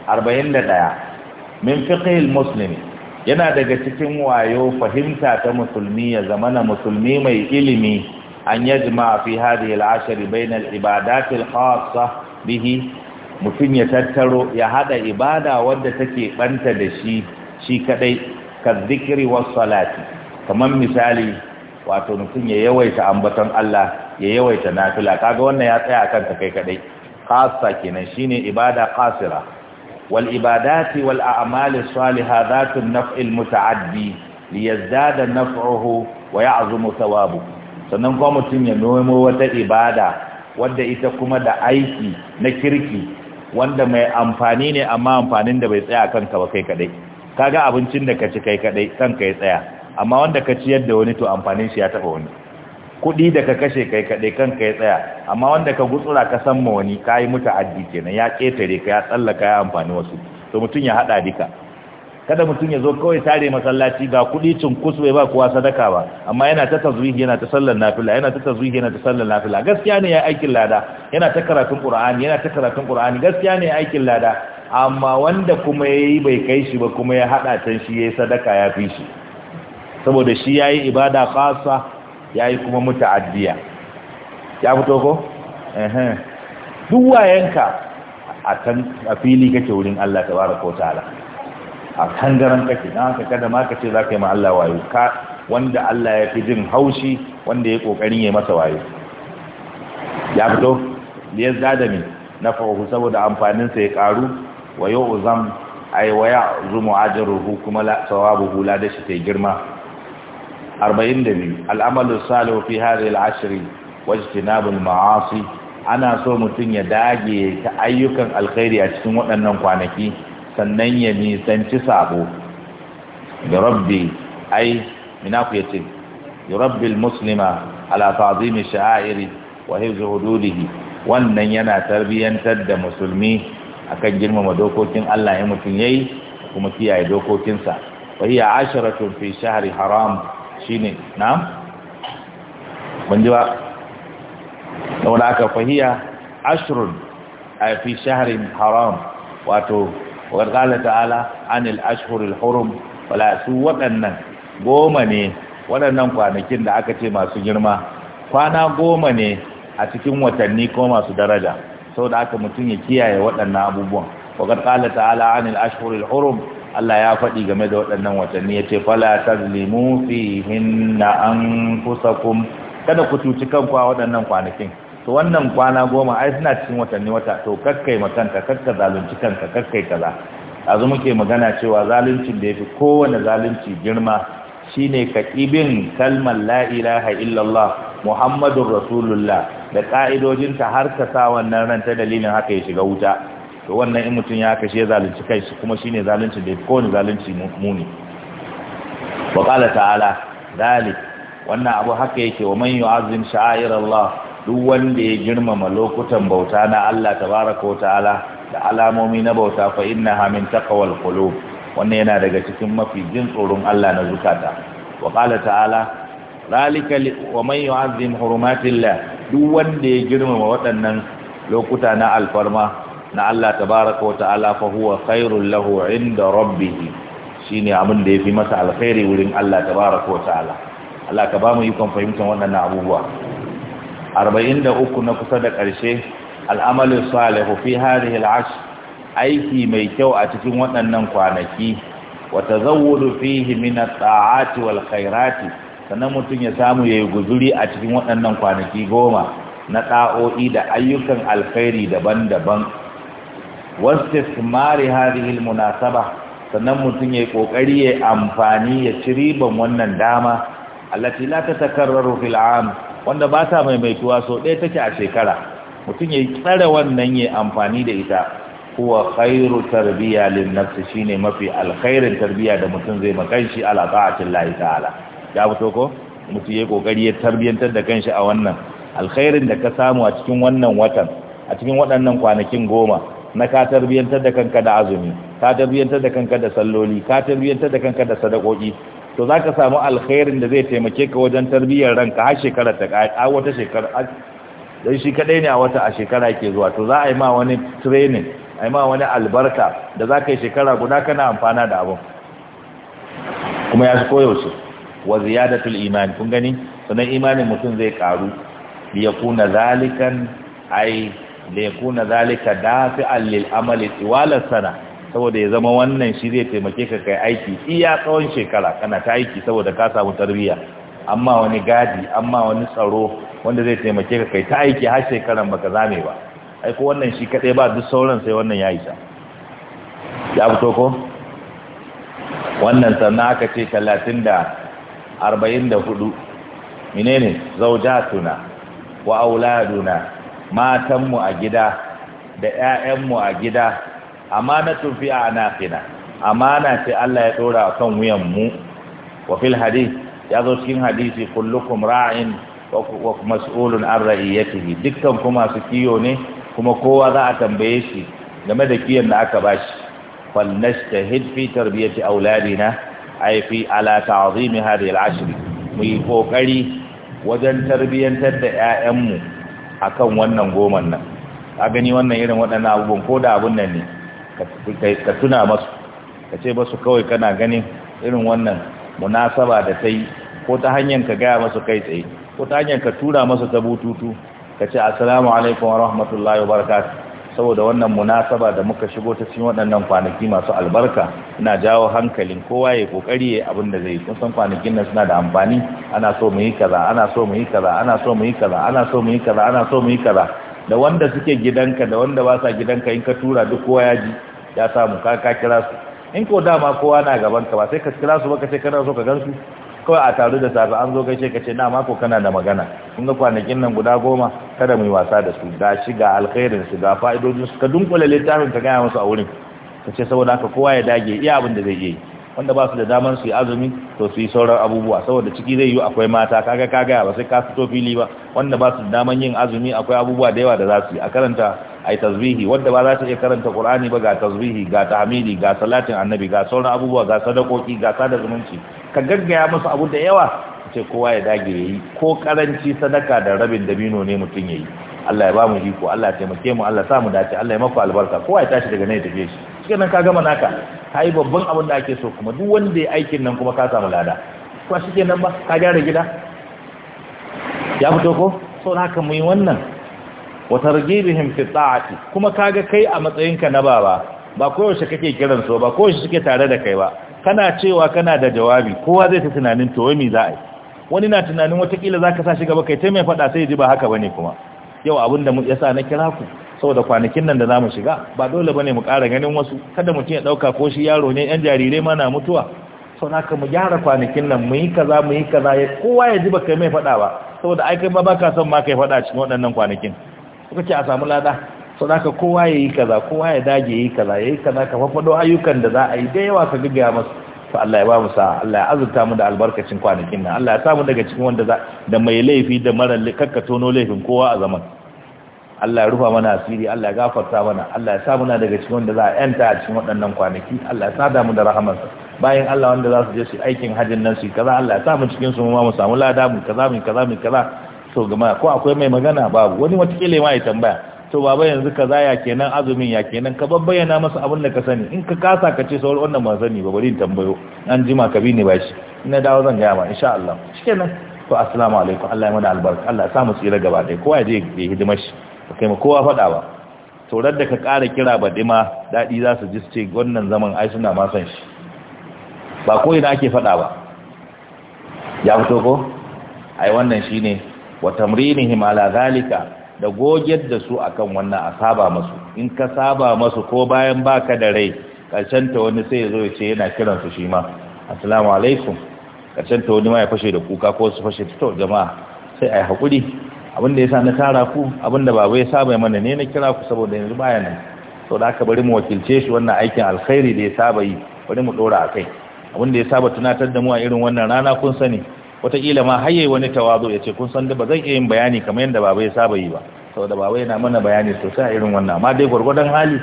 arba'in ɗaya min fiqhil muslim yana daga cikin wayo fahimta ta musulmi ya zamana musulmi mai ilimi an yajma fi hadi al-ashr bayna khassa bihi mutum ya tattaro ya haɗa ibada wanda take ɓanta da shi shi kaɗai ka zikiri was salati kamar misali wato mutum ya yawaita ambaton Allah ya yawaita nafila kaga wannan ya tsaya a kanta kai kadai khassa kenan shine ibada qasira wal ibadati wal a'mali salihah zatun naf'il muta'addi liyazdada naf'uhu wa ya'zumu thawabu sannan kuma mutum ya nomo wata ibada wadda ita kuma da aiki na kirki wanda mai amfani ne amma amfanin da bai tsaya kanka ba kai kadai kaga abincin da ka ci kai kadai kanka ya tsaya amma wanda ka ciyar da wani to amfanin shi ya taba wani kuɗi da ka kashe kai kaɗai kan kai tsaya amma wanda ka gutsura ka san ma wani ka yi mutu addi kenan ya ketare ka ya tsallaka ya amfani wasu to mutum ya haɗa duka kada mutum ya zo kawai tare masallaci ba kuɗi cunkus bai ba kuwa sadaka ba amma yana ta tazwihi yana ta sallar nafila yana ta tazwihi yana ta sallar nafila gaskiya ne ya aikin lada yana ta karatun qur'ani yana ta karatun qur'ani gaskiya ne ya aikin lada amma wanda kuma yayi bai kai shi ba kuma ya haɗa tan shi yayi sadaka ya fi shi saboda shi yayi ibada khassa Ya yi kuma addiya ya fito ko duwayenka duk wayanka a kan fili kake wurin Allah tabaraka ta'ala. a kan garan kake na haka kada ma kace zaka yi ma Allah wayo ka wanda Allah ya fi jin haushi wanda ya kokarin yayi masa wayo ya fito ya zada mi na fahu saboda amfanin sa ya karu wayo uzam ay waya zumu ajruhu kuma la sawabuhu la da shi ta girma biyu, al'amalu salihu fi hadhihi al'ashri wajtinabul ma'asi ana so mutum ya dage ta ayyukan alkhairi a cikin waɗannan kwanaki sannan ya nisanci sabo da rabbi ai minaku ce yurabbi almuslima ala ta'zimi sha'airi wa hifz hududihi wannan yana tarbiyyantar da musulmi akan girmama dokokin Allah ya mutum yayi kuma kiyaye dokokinsa wa hiya tun fi shahri haram ne na? ban ji ba Da aka fahiya ashirin a fi shaharin haram wato wa qala ta'ala anil ashirin hurum wala su waɗannan goma ne waɗannan kwanakin da aka ce masu girma kwana goma ne a cikin watanni ko masu daraja Sau da aka mutum ya kiyaye waɗannan abubuwan wa qala ta'ala anil ashhuril hurum Allah ya faɗi game da waɗannan watanni ya ce fala tazlimu an anfusakum kada ku cuci kanku a waɗannan kwanakin to wannan kwana goma ai suna cikin watanni wata to kakkai makanta kakka zalunci kanka kakkai kaza azu muke magana cewa zaluncin da yafi kowane zalunci girma shine ka ibin kalmar la ilaha illallah muhammadur rasulullah da ka'idojinta har ka sa wannan ran ta dalilin haka ya shiga wuta to wannan in mutum ya kashe zalunci kai shi kuma shine zalunci da kowane zalunci muni wa qala ta'ala dalik wannan abu haka yake wa man yu'azzim sha'air Allah duk wanda ya girmama lokutan bauta na Allah tabaraka wa ta'ala da alamomi na bauta fa innaha min taqwal qulub wannan yana daga cikin mafi jin tsoron Allah na zukata wa qala ta'ala zalika wa man yu'azzim hurumatillah duk wanda ya girmama waɗannan lokuta na alfarma na Allah tabaraka wa ta'ala fa huwa khairul lahu inda rabbih shine abin da yafi masa alkhairi wurin Allah tabaraka wa ta'ala Allah ka bamu mu fahimtar abubuwa 43 na kusa da ƙarshe al'amalu salihu fi hadhihi al'ashr aiki mai kyau a cikin waɗannan kwanaki wa tazawwudu fihi min at-ta'ati wal khairati sannan mutum ya samu yayi guzuri a cikin waɗannan kwanaki goma na ɗa'o'i da ayyukan alkhairi daban-daban wastismari hadhihi almunasaba sannan mutum yayi kokari ya amfani ya ci riban wannan dama allati la tatakarraru fil am wanda ba ta maimaituwa so ɗaya take a shekara mutum yayi tsare wannan ya amfani da ita huwa khairu tarbiya lin nafsi shine mafi alkhairin tarbiya da mutum zai makan shi ala ta'atillahi ta'ala ya fito ko mutum yayi kokari ya tarbiyantar da kanshi a wannan alkhairin da ka samu a cikin wannan watan a cikin waɗannan kwanakin goma na ka tarbiyantar da kanka da azumi ka tarbiyantar da kanka da salloli ka tarbiyantar da kanka da sadakoki to zaka samu alkhairin da zai taimake ka wajen tarbiyyar ranka har shekara ta a wata shekara dan shi kadai ne a wata a shekara ke zuwa to za a yi ma wani training a yi ma wani albarka da zaka yi shekara guda kana amfana da abun kuma ya koyaushe wa ziyadatul iman kun gani sanan imanin mutum zai karu yakuna zalikan ai da ya kuna zalika dafi'an allin amali tiwalar sana saboda ya zama wannan shi zai taimake ka kai aiki iya tsawon shekara kana ta aiki saboda ka samu tarbiyya amma wani gadi amma wani tsaro wanda zai taimake ka kai ta aiki har shekaran baka zame ba ai ko wannan shi kadai ba duk sauran sai wannan ya isa ya fito ko wannan sannan aka ce 30 da 44 menene zaujatuna wa auladuna matanmu a gida da 'ya'yanmu a gida amanatun fi anaqina amana ce Allah ya dora kan wuyan mu wa fil hadith ya zo cikin hadisi kullukum ra'in wa mas'ulun an ra'iyatihi dukkan kuma su kiyo ne kuma kowa za a tambaye shi game da kiyon da aka bashi fal nashtahid fi tarbiyati auladina ay fi ala ta'zimi hadhihi al-ashr mu yi kokari wajen tarbiyantar da 'ya'yanmu akan wannan goman nan a gani wannan irin waɗannan abubuwan ko da abun nan ne ka tuna masu ka ce masu kawai kana ganin irin wannan munasaba da ta yi ko ta hanyar ka gaya masu kai tsaye ko ta hanyar ka tura masu ta bututu ka ce assalamu alaikum wa rahmatullahi wa barakatuh saboda wannan munasaba da muka shigo ta cikin waɗannan kwanaki masu albarka ina jawo hankalin kowa ya kokari ya abin da zai kun san kwanakin nan suna da amfani ana so mu yi kaza ana so mu yi kaza ana so mu yi kaza ana so mu yi kaza ana so mu yi kaza da wanda suke gidanka da wanda ba sa gidanka in ka tura duk kowa ya ji ya samu ka ka kira su in ko dama kowa na gaban ka ba sai ka kira su ba ka ce kana so ka su kawai a taru da safe an zo gaishe ka ce na mako kana da magana kun ga kwanakin nan guda goma kada mu yi wasa da su ga shi ga alkhairin su ga fa'idojin su ka dunkule littafin ka gaya musu a wurin ka ce saboda haka kowa ya dage iya abin da zai yi wanda ba su da damar su yi azumi to su yi sauran abubuwa saboda ciki zai yi akwai mata kaga ka gaya ba sai ka fito fili ba wanda ba su da daman yin azumi akwai abubuwa da yawa da za su yi a karanta ai tasbihi wanda ba za ta iya karanta qur'ani ba ga tasbihi ga tahmidi ga salatin annabi ga sauran abubuwa ga sadakoki ga sada zumunci ka gaggaya musu abu da yawa ce kowa ya dage ya yi ko karanci sadaka da rabin dabino ne mutum ya yi Allah ya ba mu iko Allah ya taimake mu Allah sa mu dace Allah ya maku albarka kowa ya tashi daga nan ya tafi shi cikin nan ka gama naka ka babban abin da ake so kuma duk wanda ya aikin nan kuma ka samu lada kuma shi nan ba ka gyara gida ya fito ko so haka mu yi wannan wa targhibihim fi ta'ati kuma kaga kai a matsayinka na baba ba koyaushe kake kiran so ba shi suke tare da kai ba kana cewa kana da jawabi kowa zai ta tunanin to wai me za a yi wani na tunanin watakila za ka sa shi gaba kai mai faɗa sai ji ba haka ba kuma yau abin da ya sa na kira ku saboda kwanakin nan da za mu shiga ba dole ba ne mu ƙara ganin wasu kada mutum ya ɗauka ko shi yaro ne yan jarirai ma na mutuwa sau na ka mu gyara kwanakin nan mu yi kaza mu yi kaza ya kowa ya ji ba kai mai faɗa ba saboda ai kai ba ka son ma kai faɗa cikin waɗannan kwanakin kuka ce a samu lada sau na ka kowa ya yi kaza kowa ya dage ya yi kaza ya yi kaza ka faɗo ayyukan da za a yi da yawa ka gaggaya masu to Allah ya ba mu sa'a Allah ya azurta mu da albarkacin kwanakin nan Allah ya samu daga cikin wanda za da mai laifi da mara kakka tono laifin kowa a zaman Allah ya rufa mana asiri Allah ya gafarta mana Allah ya samu na daga cikin wanda za a yanta a cikin waɗannan kwanaki Allah ya sada mu da sa bayan Allah wanda za su je su aikin hajjin nan su kaza Allah ya sa mu cikin su mu ma mu samu lada mu kaza mu kaza mu kaza to gama ko akwai mai magana babu wani wata kile ma ya tambaya to baba yanzu kaza ya kenan azumin ya kenan ka babbayana masa abin da ka sani in ka kasa ka ce sauran wannan ban sani ba bari tambayo an ma ka bi ni shi. ina dawo zan gaya ma insha Allah shikenan to assalamu alaikum Allah ya mana albarka Allah ya sa mu tsira gaba dai kowa je ya hidima shi ba kai ma kowa faɗa ba to da ka ƙara kira ba ma daɗi za su ji su ce wannan zaman ai suna ma san shi ba ko ina ake faɗa ba ya fito ko ai wannan shine wa tamrinihim ala zalika da gogiyar da su akan wannan a saba masu in ka saba masu ko bayan baka da rai ƙarshen ta wani sai zo ce yana kiran su shi ma assalamu alaikum ƙarshen ta wani ma ya fashe da kuka ko su fashe ta jama'a sai a yi hakuri abinda da yasa na tara ku abinda da baba ya saba mana ne na kira ku saboda yanzu baya nan Sau da aka bari mu wakilce shi wannan aikin alkhairi da ya saba yi bari mu ɗora kai. abin da ya saba tunatar da mu a irin wannan rana kun sani wataƙila ma har yayi wani tawazo ya ce kun san da ba zan iya yin bayani kamar yadda baba ya saba yi ba saboda baba yana mana bayani sosai a irin wannan amma dai gwargwadon hali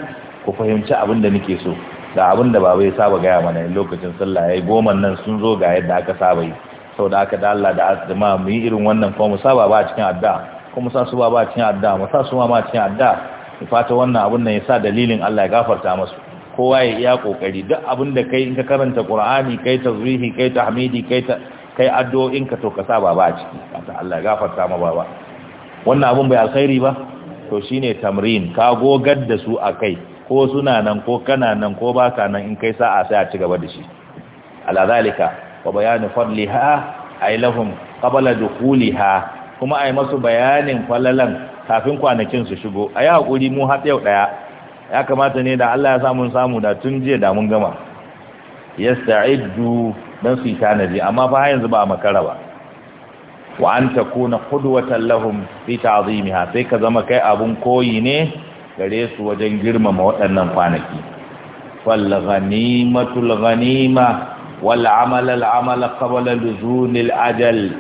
ku fahimci abin da nake so da abin da baba ya saba gaya mana lokacin sallah yayi goma nan sun zo ga yadda aka saba yi saboda aka da Allah da azuma mu yi irin wannan kuma mu saba ba cikin addu'a kuma sa su ba cikin addu'a mu sa su ma cikin addu'a mu fata wannan abin nan ya sa dalilin Allah ya gafarta masu kowa ya iya kokari duk abin da kai in ka karanta Qur'ani kai tazrihi kai tahmidi kai ta kai addu'o'in ka to ka sa baba a ciki kata Allah ya gafarta ma baba wannan abun bai alkhairi ba to shine tamrin ka gogar da su akai ko suna nan ko kana nan ko ba ka nan in kai sa'a sai a ci gaba da shi ala zalika wa bayanu fadliha ay lahum qabla dukhuliha kuma ay masu bayanin falalan kafin kwanakin su shigo ayi hakuri mu har yau daya ya kamata ne da Allah ya samu samu da tun jiya da mun gama yasta'iddu don su yi tanadi amma fa yanzu ba a makara ba wa an ta kuna kudwatan lahum fi sai ka zama kai abun koyi ne gare su wajen girmama waɗannan kwanaki fal ghanimatul ghanima wal amal al amal qabla luzunil ajal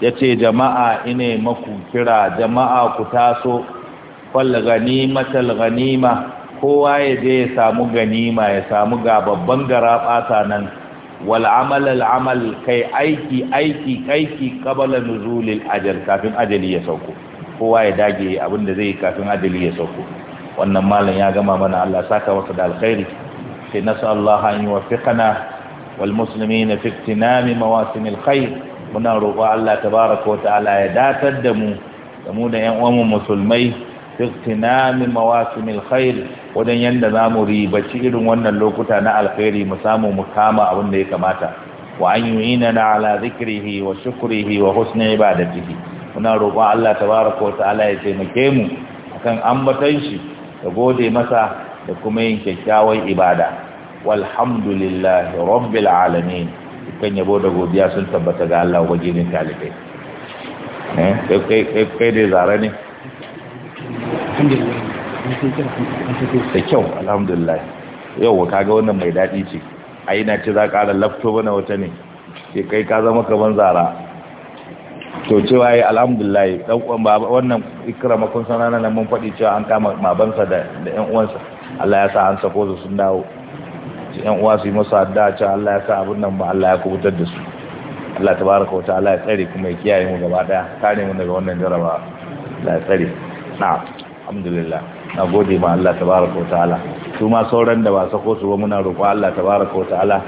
yace jama'a ine maku kira jama'a ku taso fal ghanimatul ghanima kowa ya je ya samu ganima ya samu ga babban garaba nan wal amalal amal kai aiki aiki aiki kabala nuzulil ajal kafin ajali ya sauko kowa ya dage abin da zai yi kafin ajali ya sauko wannan malam ya gama mana Allah saka masa da alkhairi sai nasallaha an yuwaffiqana wal muslimin fi iktinami mawasim al khair muna roƙo Allah tabaaraka wa ta'ala ya datar da mu da mu da yan uwan musulmai fiqtinami mawasimil khair wajen yanda zamu ribaci irin wannan lokuta na alkhairi mu samu mu kama abin da ya kamata wa an na ala zikrihi wa shukrihi wa husni ibadatihi muna roƙon Allah tabaraka wa ta'ala ya taimake mu akan ambatan shi da gode masa da kuma yin kyakkyawan ibada walhamdulillahi rabbil alamin kan yabo da godiya sun tabbata ga Allah ubangijin talibai eh kai kai kai da zara da kyau alhamdulillah yau kaga wannan mai daɗi ce a yi na ce za lafto mana wata ne ke kai ka zama kaman zara to cewa ya alhamdulillah ɗauƙon wannan ikiramakon sana nan mun faɗi cewa an kama mabansa da ‘yan uwansa Allah ya sa an sako su sun dawo uwa su yi da cewa Allah ya sa abin nan ba Allah ya kubutar da su Allah ta baraka wata Allah ya tsare kuma ya kiyaye mu gaba ɗaya kare mu daga wannan jarabawa Allah ya tsare na'am alhamdulillah na gode ma Allah tabaraka wa ta'ala su ma sauran da ba sako su ba muna roƙo Allah tabaraka wa ta'ala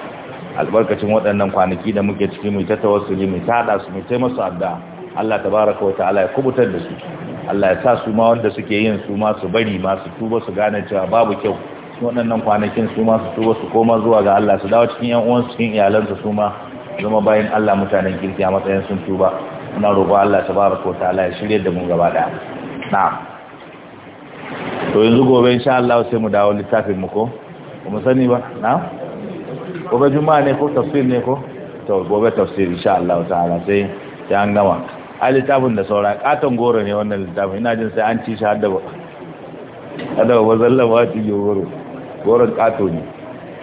albarkacin waɗannan kwanaki da muke ciki mu ta tawassuli mu ta hada su mu ta masu adda Allah tabaraka wa ta'ala ya kubutar da su Allah ya sa su ma wanda suke yin su ma su bari ma su tuba su gane cewa babu kyau waɗannan kwanakin su ma su tuba su koma zuwa ga Allah su dawo cikin yan uwansu cikin iyalansu su ma zama bayan Allah mutanen kirki a matsayin sun tuba muna roƙo Allah tabaraka wa ta'ala ya shirye da mu gaba ɗaya. na'am to yanzu gobe insha Allah sai mu dawo littafin mu ko mu sani ba na gobe juma'a ne ko tafsir ne ko to gobe tafsir insha Allah ta'ala sai ya an gama a littafin da saura katon goro ne wannan littafin ina jin sai an ci shi har da ba har da ba zallama ci goro goro kato ne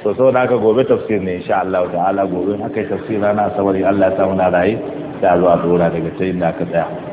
so da haka gobe tafsir ne insha Allah ta'ala gobe haka tafsir rana sabari Allah ya samu na rai da zuwa dora daga sai inda aka tsaya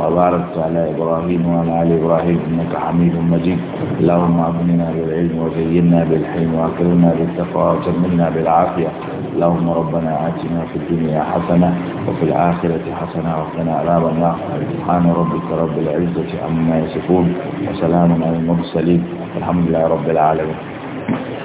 وباركت على إبراهيم وعلى آل إبراهيم إنك حميد مجيد اللهم أبننا بالعلم وزينا بالحلم وأكرمنا بالتقوى وتمنا بالعافية اللهم ربنا آتنا في الدنيا حسنة وفي الآخرة حسنة وقنا عذاب النار سبحان ربك رب العزة عما يصفون وسلام على المرسلين الحمد لله رب العالمين